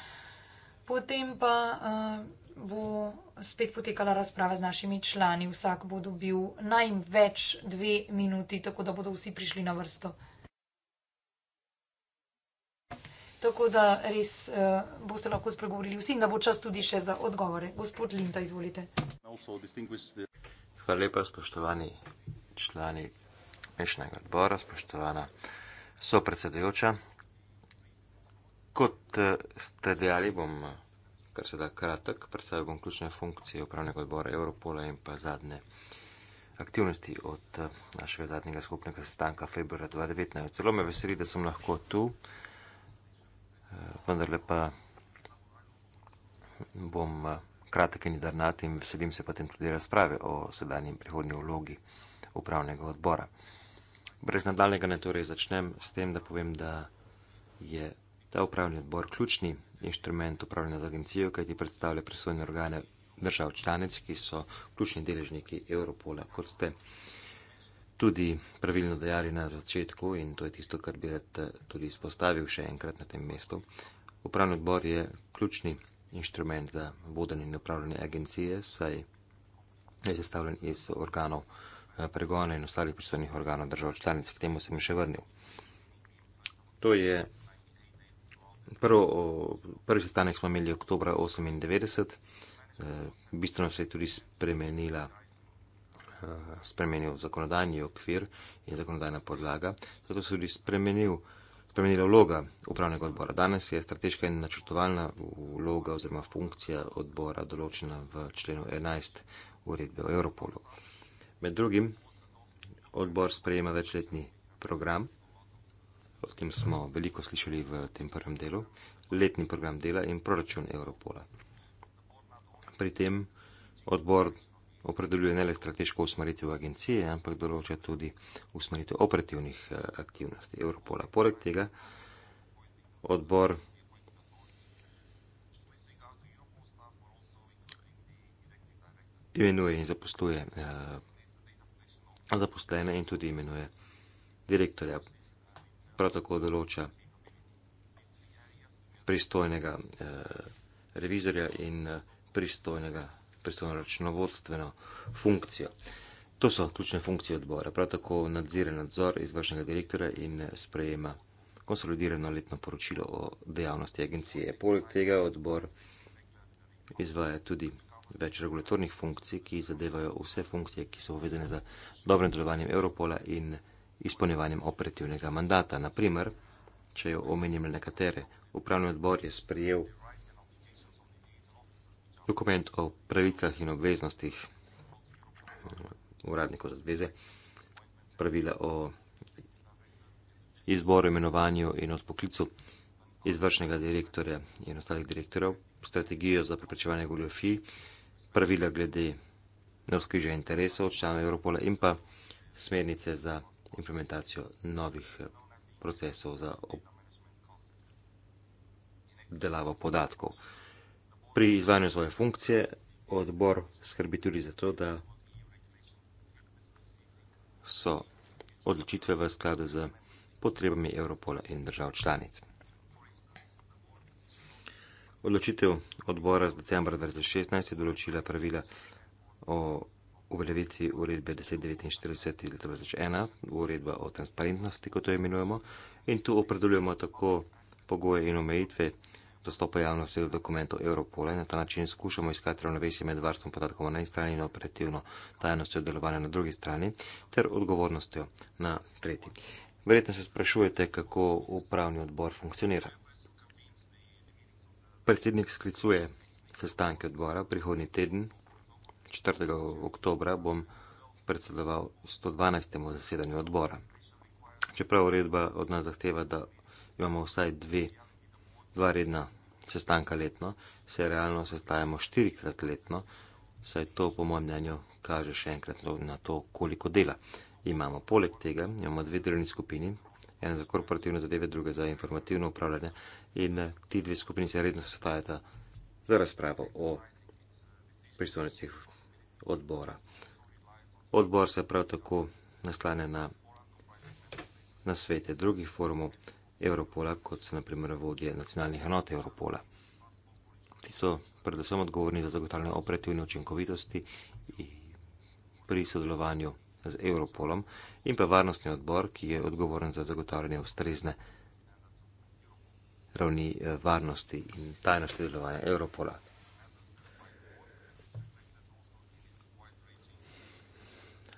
potem pa eh, bo spet potekala razprava z našimi člani. Vsak bo dobil največ dve minuti, tako da bodo vsi prišli na vrsto. Tako da res uh, boste lahko spregovorili vsi in da bo čas tudi še za odgovore. Gospod Linta, izvolite. Hvala lepa, spoštovani člani mešnega odbora, spoštovana sopredsedujoča. Kot eh, ste dejali, bom kar se da kratek, predstavil bom ključne funkcije upravnega odbora Europola in pa zadnje aktivnosti od eh, našega zadnjega skupnega sestanka februarja 2019. Celo me veseli, da sem lahko tu, eh, vendar lepa bom eh, kratek in idarnat in veselim se potem tudi razprave o sedanjem prihodnji vlogi upravnega odbora. Brez nadaljnega ne torej začnem s tem, da povem, da je ta upravni odbor ključni inštrument upravljanja z agencijo, kajti predstavlja presojne organe držav članic, ki so ključni deležniki Evropola, kot ste tudi pravilno dejali na začetku in to je tisto, kar bi rad eh, tudi izpostavil še enkrat na tem mestu. Upravni odbor je ključni inštrument za vodenje in upravljanje agencije, saj je sestavljen iz organov eh, pregona in ostalih pristojnih organov držav članic. K temu sem še vrnil. To je Prvo, prvi sestanek smo imeli oktober 98, eh, bistveno se je tudi spremenila, eh, spremenil zakonodajni okvir in zakonodajna podlaga, zato se je tudi spremenil, spremenila vloga upravnega odbora. Danes je strateška in načrtovalna vloga oziroma funkcija odbora določena v členu 11 uredbe o Europolu. Med drugim odbor sprejema večletni program o tem smo veliko slišali v tem prvem delu, letni program dela in proračun Evropola. Pri tem odbor opredeljuje ne le strateško usmeritev agencije, ampak določa tudi usmeritev operativnih eh, aktivnosti Evropola. Poleg tega odbor imenuje in zaposluje eh, zaposlene in tudi imenuje direktorja prav tako določa pristojnega eh, revizorja in eh, pristojnega, pristojno računovodstveno funkcijo. To so ključne funkcije odbora. Prav tako nadzira nadzor izvršnega direktora in eh, sprejema konsolidirano letno poročilo o dejavnosti agencije. Poleg tega odbor izvaja tudi več regulatornih funkcij, ki zadevajo vse funkcije, ki so povezane za dobrim delovanjem Europola in Evropola izpolnjevanjem operativnega mandata. Naprimer, če jo omenim le nekatere, upravni odbor je sprijel dokument o pravicah in obveznostih uradnikov za zveze, pravila o izboru, imenovanju in odpoklicu izvršnega direktorja in ostalih direktorjev, strategijo za preprečevanje goljofij, pravila glede na interesov članov Evropola in pa smernice za implementacijo novih eh, procesov za obdelavo podatkov. Pri izvajanju svoje funkcije odbor skrbi tudi za to, da so odločitve v skladu z potrebami Evropola in držav članic. Odločitev odbora z decembra 2016 je določila pravila o uveljavitvi uredbe 1049-2001, uredba o transparentnosti, kot jo imenujemo, in tu opredeljujemo tako pogoje in omejitve dostopa javnosti do dokumentov Europola in na ta način skušamo iskati ravnovesje med varstvom podatkov na eni strani in operativno tajnostjo delovanja na drugi strani ter odgovornostjo na tretji. Verjetno se sprašujete, kako upravni odbor funkcionira. Predsednik sklicuje sestanke odbora prihodnji teden, 4. oktobra bom predsedoval 112. zasedanju odbora. Čeprav uredba od nas zahteva, da imamo vsaj dve, dva redna sestanka letno, se realno sestajamo štirikrat letno, saj to po mojem mnenju kaže še enkrat na to, koliko dela imamo. Poleg tega imamo dve delovni skupini, ena za korporativne zadeve, druga za informativno upravljanje in eh, ti dve skupini se redno sestajata za razpravo o pristojnostih odbora. Odbor se prav tako naslane na, na svete drugih forumov Evropola, kot so naprimer vodje nacionalnih enot Evropola. Ti so predvsem odgovorni za zagotavljanje operativne učinkovitosti pri sodelovanju z Evropolom in pa varnostni odbor, ki je odgovoren za zagotavljanje ustrezne ravni eh, varnosti in tajnosti delovanja Evropola.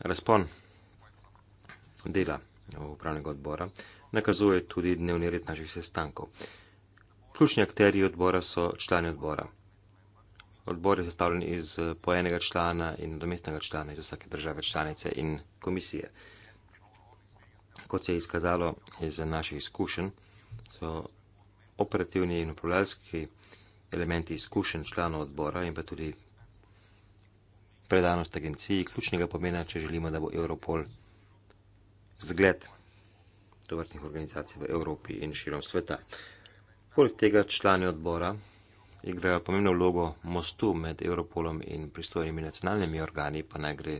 Razpon dela upravnega odbora nakazuje tudi dnevni red naših sestankov. Ključni akteri odbora so člani odbora. Odbor je sestavljen iz pojenega člana in domestnega člana iz vsake države članice in komisije. Kot se je izkazalo iz naših izkušenj, so operativni in upravljalski elementi izkušenj članov odbora in pa tudi predanost agenciji ključnega pomena, če želimo, da bo Europol zgled tovrstnih organizacij v Evropi in širom sveta. Poleg tega člani odbora igrajo pomembno vlogo mostu med Europolom in pristojnimi nacionalnimi organi, pa naj gre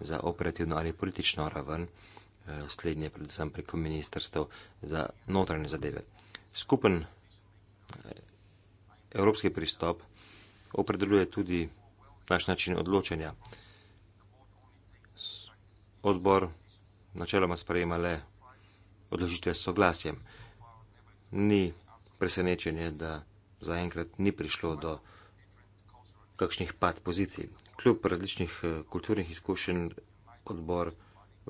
za operativno ali politično raven, eh, slednje predvsem preko ministrstv za notranje zadeve. Skupen eh, evropski pristop opredeljuje tudi naš način odločanja. Odbor načeloma sprejema le odločitve s soglasjem. Ni presenečenje, da zaenkrat ni prišlo do kakšnih pad pozicij. Kljub različnih eh, kulturnih izkušenj odbor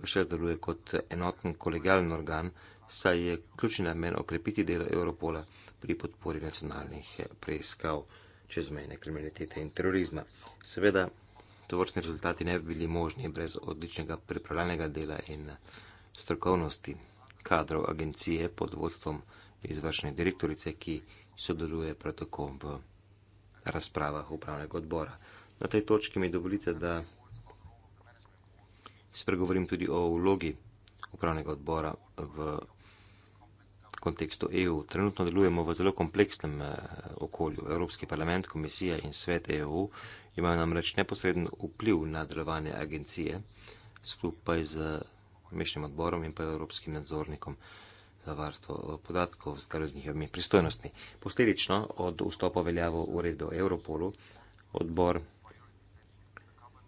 še deluje kot enoten kolegialni organ, saj je ključni namen okrepiti delo Europola pri podpori nacionalnih eh, preiskav čezmejne kriminalitete in terorizma. Seveda, to vrstni rezultati ne bi bili možni brez odličnega pripravljalnega dela in strokovnosti kadrov agencije pod vodstvom izvršne direktorice, ki sodeluje protokom v razpravah upravnega odbora. Na tej točki mi dovolite, da spregovorim tudi o vlogi upravnega odbora v kontekstu EU. Trenutno delujemo v zelo kompleksnem eh, okolju. Evropski parlament, komisija in svet EU imajo namreč neposreden vpliv na delovanje agencije skupaj z mešnim odborom in pa evropskim nadzornikom za varstvo eh, podatkov v skladu z njihovimi pristojnostmi. Posledično od vstopa veljavo uredbe o Europolu odbor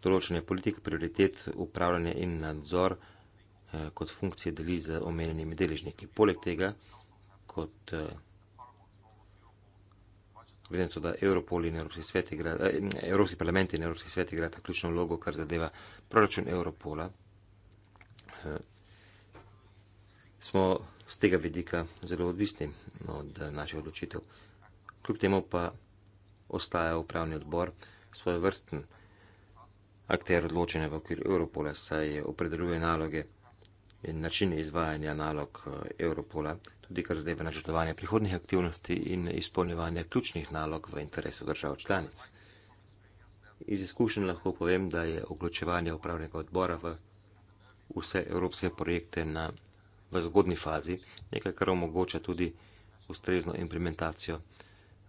določene politik, prioritet, upravljanje in nadzor eh, kot funkcije deli z omenjenimi deležniki. Poleg tega kot vedno, eh, da Evropol in Evropski svet igrata, eh, Evropski parlament in Evropski svet igrata ključno vlogo, kar zadeva proračun Evropola. Eh, smo z tega vidika zelo odvisni od eh, naših odločitev. Kljub temu pa ostaja upravni odbor svoj vrsten akter odločene v okviru Evropola, saj opredeluje naloge in načine izvajanja nalog Evropola, eh, tudi kar zdaj v načrtovanje prihodnih aktivnosti in izpolnjevanje ključnih nalog v interesu držav članic. Iz izkušenj lahko povem, da je vključevanje upravnega odbora v vse evropske projekte na, v zgodni fazi nekaj, kar omogoča tudi ustrezno implementacijo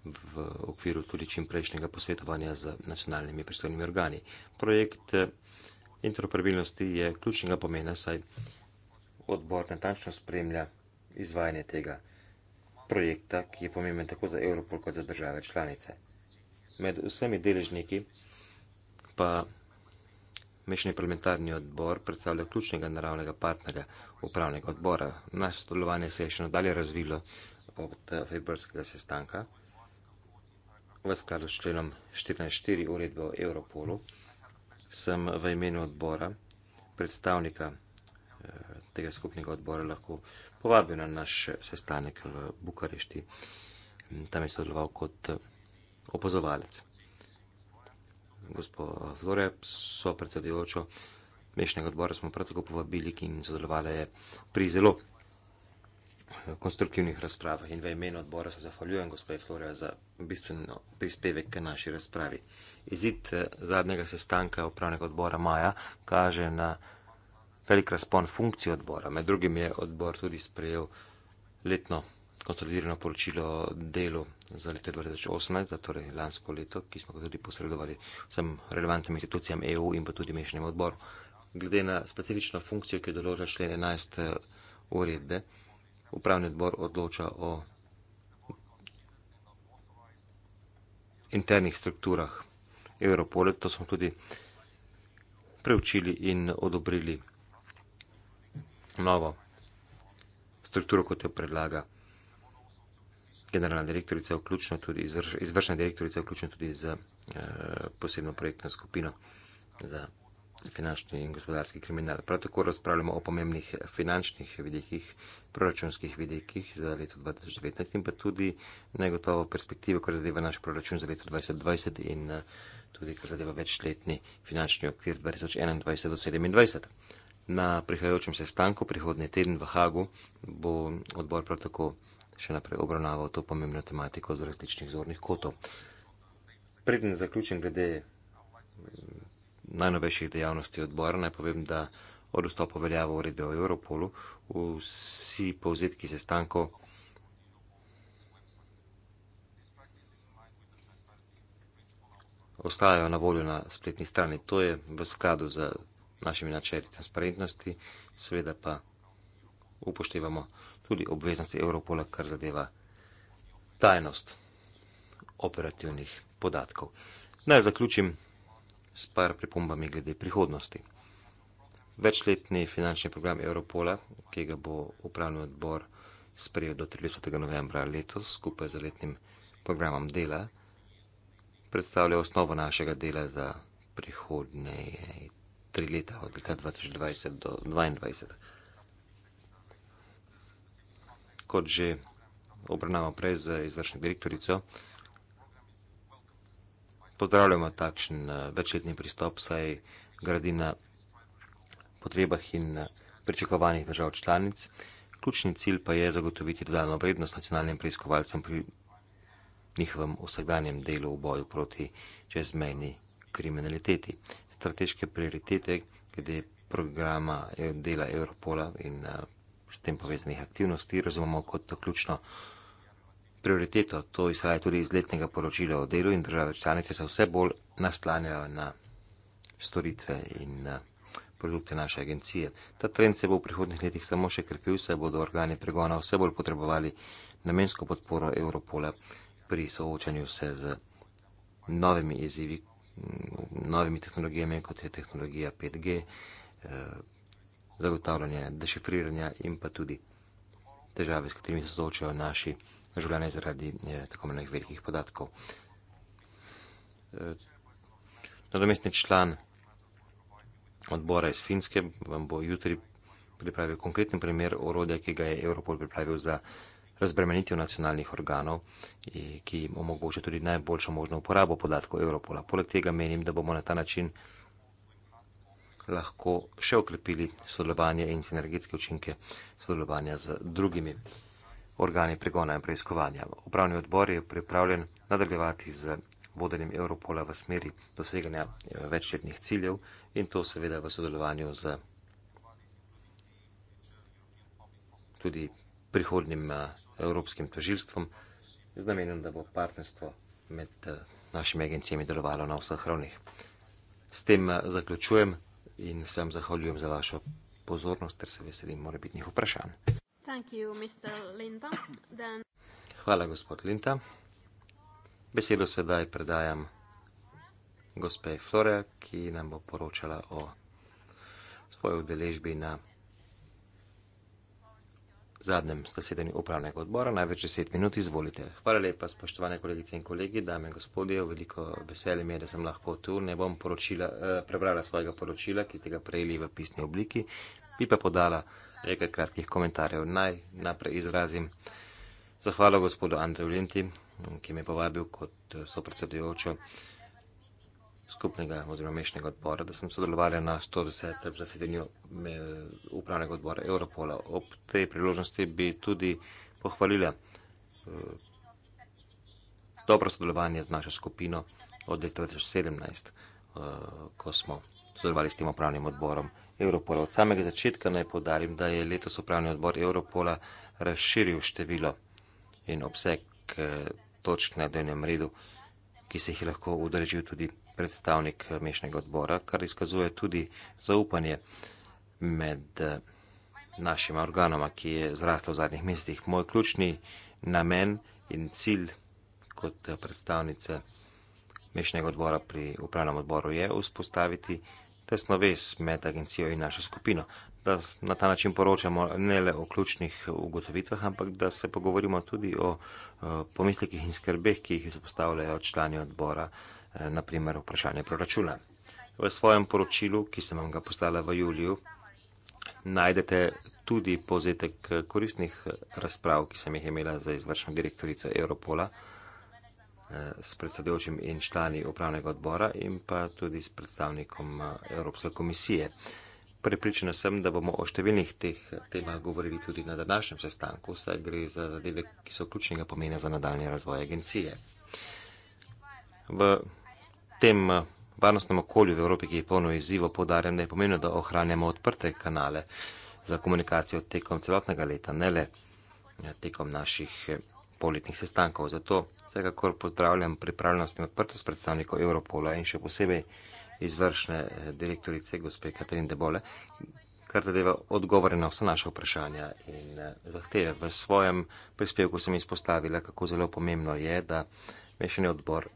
v okviru tudi čim prejšnjega posvetovanja z nacionalnimi pristojnimi organi. Projekt eh, interoperabilnosti je ključnega pomena, saj odbor natančno spremlja izvajanje tega projekta, ki je pomemben tako za Evropol kot za države članice. Med vsemi deležniki pa Mešni parlamentarni odbor predstavlja ključnega naravnega partnerja upravnega odbora. Naš sodelovanje se je še nadalje razvilo od eh, februarskega sestanka v skladu s členom 14.4 uredbe o Europolu. Sem v imenu odbora predstavnika tega skupnega odbora lahko povabil na naš sestanek v Bukarešti. Tam je sodeloval kot eh, opozovalec. Gospod Flore, so predsedujočo mešnega odbora smo prav tako povabili in sodelovala je pri zelo eh, konstruktivnih razpravah. In v imenu odbora se zahvaljujem, gospod Flore, za bistveno prispevek k naši razpravi. Izid eh, zadnjega sestanka upravnega odbora Maja kaže na velik razpon funkcij odbora. Med drugim je odbor tudi sprejel letno konsolidirano poročilo delu za leto 2018, za torej lansko leto, ki smo ga tudi posredovali vsem relevantnim institucijam EU in pa tudi mešanjem odboru. Glede na specifično funkcijo, ki jo določa člen 11 eh, uredbe, upravni odbor odloča o internih strukturah Europole, to smo tudi preučili in odobrili novo strukturo, kot jo predlaga generalna direktorica, vključno tudi izvrš, izvršna direktorica, vključno tudi z eh, posebno projektno skupino za finančni in gospodarski kriminal. Prav tako razpravljamo o pomembnih finančnih vidikih, proračunskih vidikih za leto 2019 in pa tudi negotovo perspektive, kar zadeva naš proračun za leto 2020 in eh, tudi kar zadeva večletni finančni okvir 2021 do 2027. Na prihajajočem sestanku prihodnji teden v Hagu bo odbor prav tako še naprej obravnaval to pomembno tematiko z različnih zornih kotov. Preden zaključim glede mm, najnovejših dejavnosti odbora, naj povem, da od vstopa veljava uredbe o Europolu vsi povzetki sestankov ostajajo na voljo na spletni strani. To je v skladu za našimi načeli transparentnosti, seveda pa upoštevamo tudi obveznosti Evropola, kar zadeva tajnost operativnih podatkov. Naj zaključim s par pripombami glede prihodnosti. Večletni finančni program Evropola, ki ga bo upravni odbor sprejel do 30. novembra letos skupaj z letnim programom dela, predstavlja osnovo našega dela za prihodnje tri leta, od leta 2020 do 2022. Kot že obravnavamo prej z izvršno direktorico, pozdravljamo takšen eh, večletni pristop, saj gradi na potrebah in eh, pričakovanjih držav članic. Ključni cilj pa je zagotoviti dodano vrednost nacionalnim preiskovalcem pri njihovem vsakdanjem delu v boju proti čezmejni kriminaliteti strateške prioritete, glede programa eh, dela Europola in eh, s tem povezanih aktivnosti, razumemo kot to ključno prioriteto. To izhaja tudi iz letnega poročila o delu in države članice se vse bolj naslanjajo na storitve in eh, produkte naše agencije. Ta trend se bo v prihodnih letih samo še krepil, saj bodo organi pregona vse bolj potrebovali namensko podporo Europola pri soočanju se z novimi izzivi, novimi tehnologijami, kot je tehnologija 5G, eh, zagotavljanje dešifriranja in pa tudi težave, s katerimi se soočajo naši življenje zaradi je, eh, tako menih velikih podatkov. E, nadomestni član odbora iz Finske vam bo jutri pripravil konkreten primer orodja, ki ga je Europol pripravil za razbremenitev nacionalnih organov, eh, ki jim omogoča tudi najboljšo možno uporabo podatkov Evropola. Poleg tega menim, da bomo na ta način lahko še okrepili sodelovanje in sinergetske učinke sodelovanja z drugimi organi pregona in preiskovanja. Upravni odbor je pripravljen nadaljevati z vodenjem Evropola v smeri doseganja eh, večletnih ciljev in to seveda v sodelovanju z tudi prihodnjim eh, Evropskim tožilstvom, z namenom, da bo partnerstvo med eh, našimi agencijami delovalo na vseh ravnih. S tem eh, zaključujem in se vam zahvaljujem za vašo pozornost, ter se veselim morebitnih vprašanj. You, Then... Hvala, gospod Linta. Besedo sedaj predajam gospe Flore, ki nam bo poročala o svoji udeležbi na zadnjem zasedanju upravnega odbora, največ 10 minut, izvolite. Hvala lepa, spoštovane kolegice in kolegi, dame in gospodje, veliko veselje mi je, da sem lahko tu. Ne bom poročila, eh, prebrala svojega poročila, ki ste ga prejeli v pisni obliki, bi pa podala nekaj kratkih komentarjev. Naj naprej izrazim zahvalo gospodu Andreju Linti, ki me je povabil kot eh, sopredsedujočo eh, skupnega oziroma mešnega odbora, da sem sodelovala na 110. zasedanju eh, upravnega odbora Europola. Ob tej priložnosti bi tudi pohvalila eh, dobro sodelovanje z našo skupino od 2017, eh, ko smo sodelovali s tem upravnim odborom Europola. Od samega začetka naj podarim, da je letos upravni odbor Europola razširil število in obseg točk na dnevnem redu, ki se jih lahko udeležijo tudi predstavnik eh, mešnega odbora, kar izkazuje tudi zaupanje med eh, našima organoma, ki je zraslo v zadnjih mesecih. Moj ključni namen in cilj kot eh, predstavnice mešnega odbora pri upravnem odboru je vzpostaviti tesno vez med agencijo in našo skupino, da na ta način poročamo ne le o ključnih ugotovitvah, ampak da se pogovorimo tudi o pomislekih in skrbeh, ki jih izpostavljajo člani odbora. Eh, naprimer vprašanje proračuna. V svojem poročilu, ki sem vam ga poslala v juliju, najdete tudi povzetek eh, koristnih eh, razprav, ki sem jih imela za izvršno direktorico Europola s predsedujočim in člani upravnega odbora in pa tudi s predstavnikom Evropske komisije. Pripričana sem, da bomo o številnih teh temah govorili tudi na današnjem sestanku, saj gre za zadeve, ki so ključnega pomena za nadaljni razvoj agencije. V tem eh, varnostnem okolju v Evropi, ki je polno izzivo, podarjam, da je pomembno, da ohranjamo odprte kanale za komunikacijo tekom celotnega leta, ne le eh, tekom naših eh, poletnih sestankov. Zato vsekakor pozdravljam pripravljenost in odprtost predstavnikov Evropola in še posebej izvršne direktorice gospe Katarine Debole, kar zadeva odgovore na vsa naša vprašanja in zahteve. V svojem prispevku sem izpostavila, kako zelo pomembno je, da mešani odbor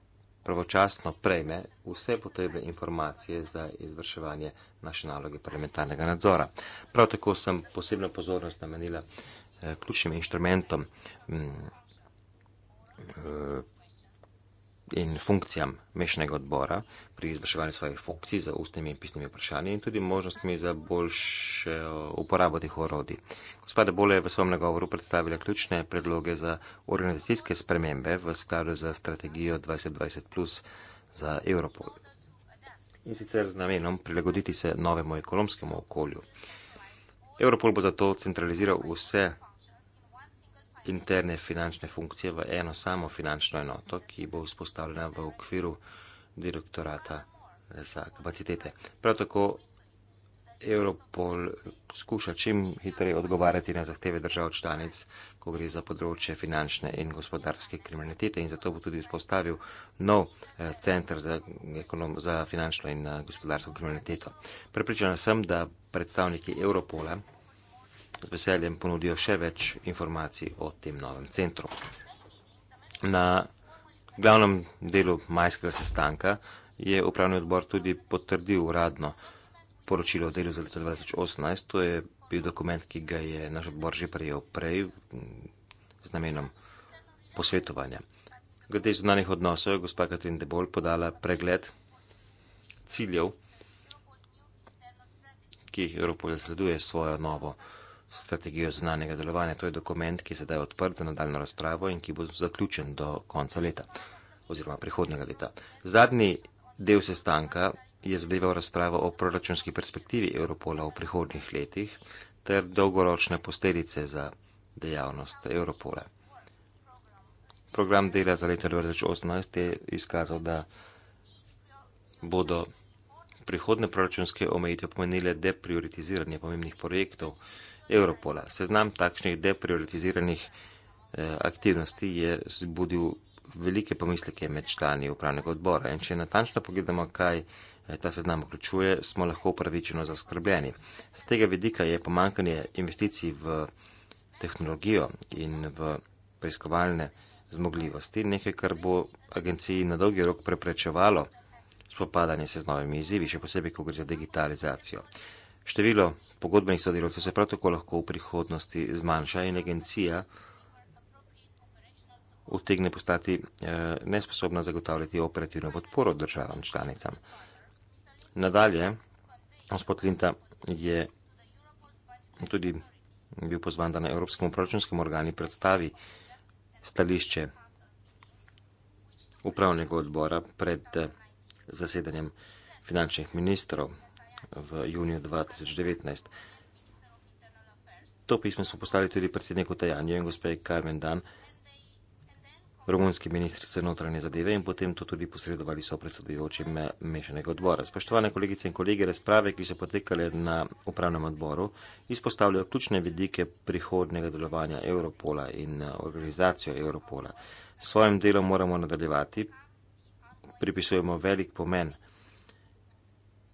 pravočasno prejme vse potrebne informacije za izvrševanje naše naloge parlamentarnega nadzora. Prav tako sem posebno pozornost namenila eh, ključnim inštrumentom mm, eh, in funkcijam mešnega odbora pri izvrševanju svojih funkcij za ustnimi in pisnimi vprašanji in tudi možnostmi za boljše uporabo teh orodij. Gospoda Bole je v svojem nagovoru predstavila ključne predloge za organizacijske spremembe v skladu za strategijo 2020 plus za Europol. In sicer z namenom prilagoditi se novemu ekonomskemu okolju. Europol bo zato centraliziral vse interne finančne funkcije v eno samo finančno enoto, ki bo vzpostavljena v okviru direktorata za kapacitete. Prav tako Europol skuša čim hitreje odgovarjati na zahteve držav članic, ko gre za področje finančne in gospodarske kriminalitete in zato bo tudi vzpostavil nov eh, centr za, ekonom, za finančno in eh, gospodarsko kriminaliteto. Prepričana sem, da predstavniki Europola z veseljem ponudijo še več informacij o tem novem centru. Na glavnem delu majskega sestanka je upravni odbor tudi potrdil uradno poročilo o delu za leto 2018. To je bil dokument, ki ga je naš odbor že prejel prej z namenom posvetovanja. Glede zunanih odnosov je gospa Katrin Debol podala pregled ciljev, ki jih Evropa zasleduje svojo novo strategijo znanega delovanja. To je dokument, ki je sedaj odprt za nadaljno razpravo in ki bo zaključen do konca leta oziroma prihodnega leta. Zadnji del sestanka je zadeval razpravo o proračunski perspektivi Europola v prihodnih letih ter dolgoročne posledice za dejavnost Europola. Program dela za leto 2018 je izkazal, da bodo prihodne proračunske omejitve pomenile deprioritiziranje pomembnih projektov. Evropola. Seznam takšnih deprioritiziranih eh, aktivnosti je zbudil velike pomisleke med člani upravnega odbora. In če natančno pogledamo, kaj eh, ta seznam vključuje, smo lahko upravičeno zaskrbljeni. Z tega vidika je pomankanje investicij v tehnologijo in v preiskovalne zmogljivosti nekaj, kar bo agenciji na dolgi rok preprečevalo spopadanje se z novimi izzivi, še posebej, ko gre za digitalizacijo. Število pogodbenih sodelovcev se prav tako lahko v prihodnosti zmanjša in agencija utegne postati eh, nesposobna zagotavljati operativno podporo državam članicam. Nadalje, gospod Linta je tudi bil pozvan, da na Evropskem proračunskem organi predstavi stališče upravnega odbora pred eh, zasedanjem finančnih ministrov v juniju 2019. To pismo smo poslali tudi predsedniku Tajanju in gospe Carmen Dan, romunski ministrice notranje zadeve in potem to tudi posredovali so predsedujočim mešanega odbora. Spoštovane kolegice in kolege, razprave, ki so potekale na upravnem odboru, izpostavljajo ključne vidike prihodnega delovanja Europola in organizacijo Europola. S svojim delom moramo nadaljevati, pripisujemo velik pomen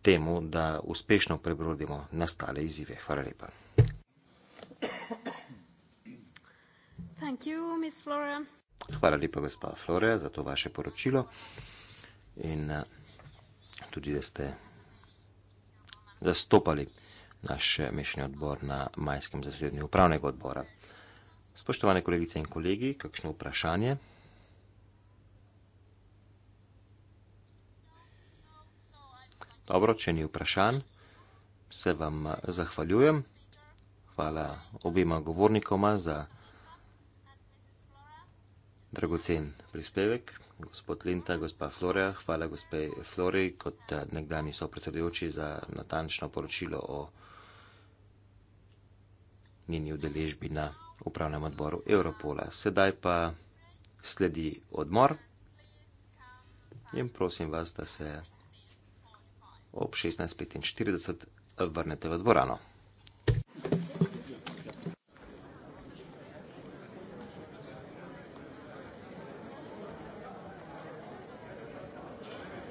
temu, da uspešno prebrodimo nastale izzive. Hvala lepa. You, Hvala lepa, gospa Flora, za to vaše poročilo in eh, tudi, da ste zastopali naš eh, mešanji odbor na majskem zasedanju upravnega odbora. Spoštovane kolegice in kolegi, kakšno vprašanje? Dobro, če ni vprašanj, se vam eh, zahvaljujem. Hvala obima govornikoma za dragocen prispevek. Gospod Linta, gospa Florea, hvala gospe Flori kot eh, nekdani sopredsedujoči za natančno poročilo o njeni udeležbi na upravnem odboru Europola. Sedaj pa sledi odmor in prosim vas, da se ob 16:45 vrnete v dvorano.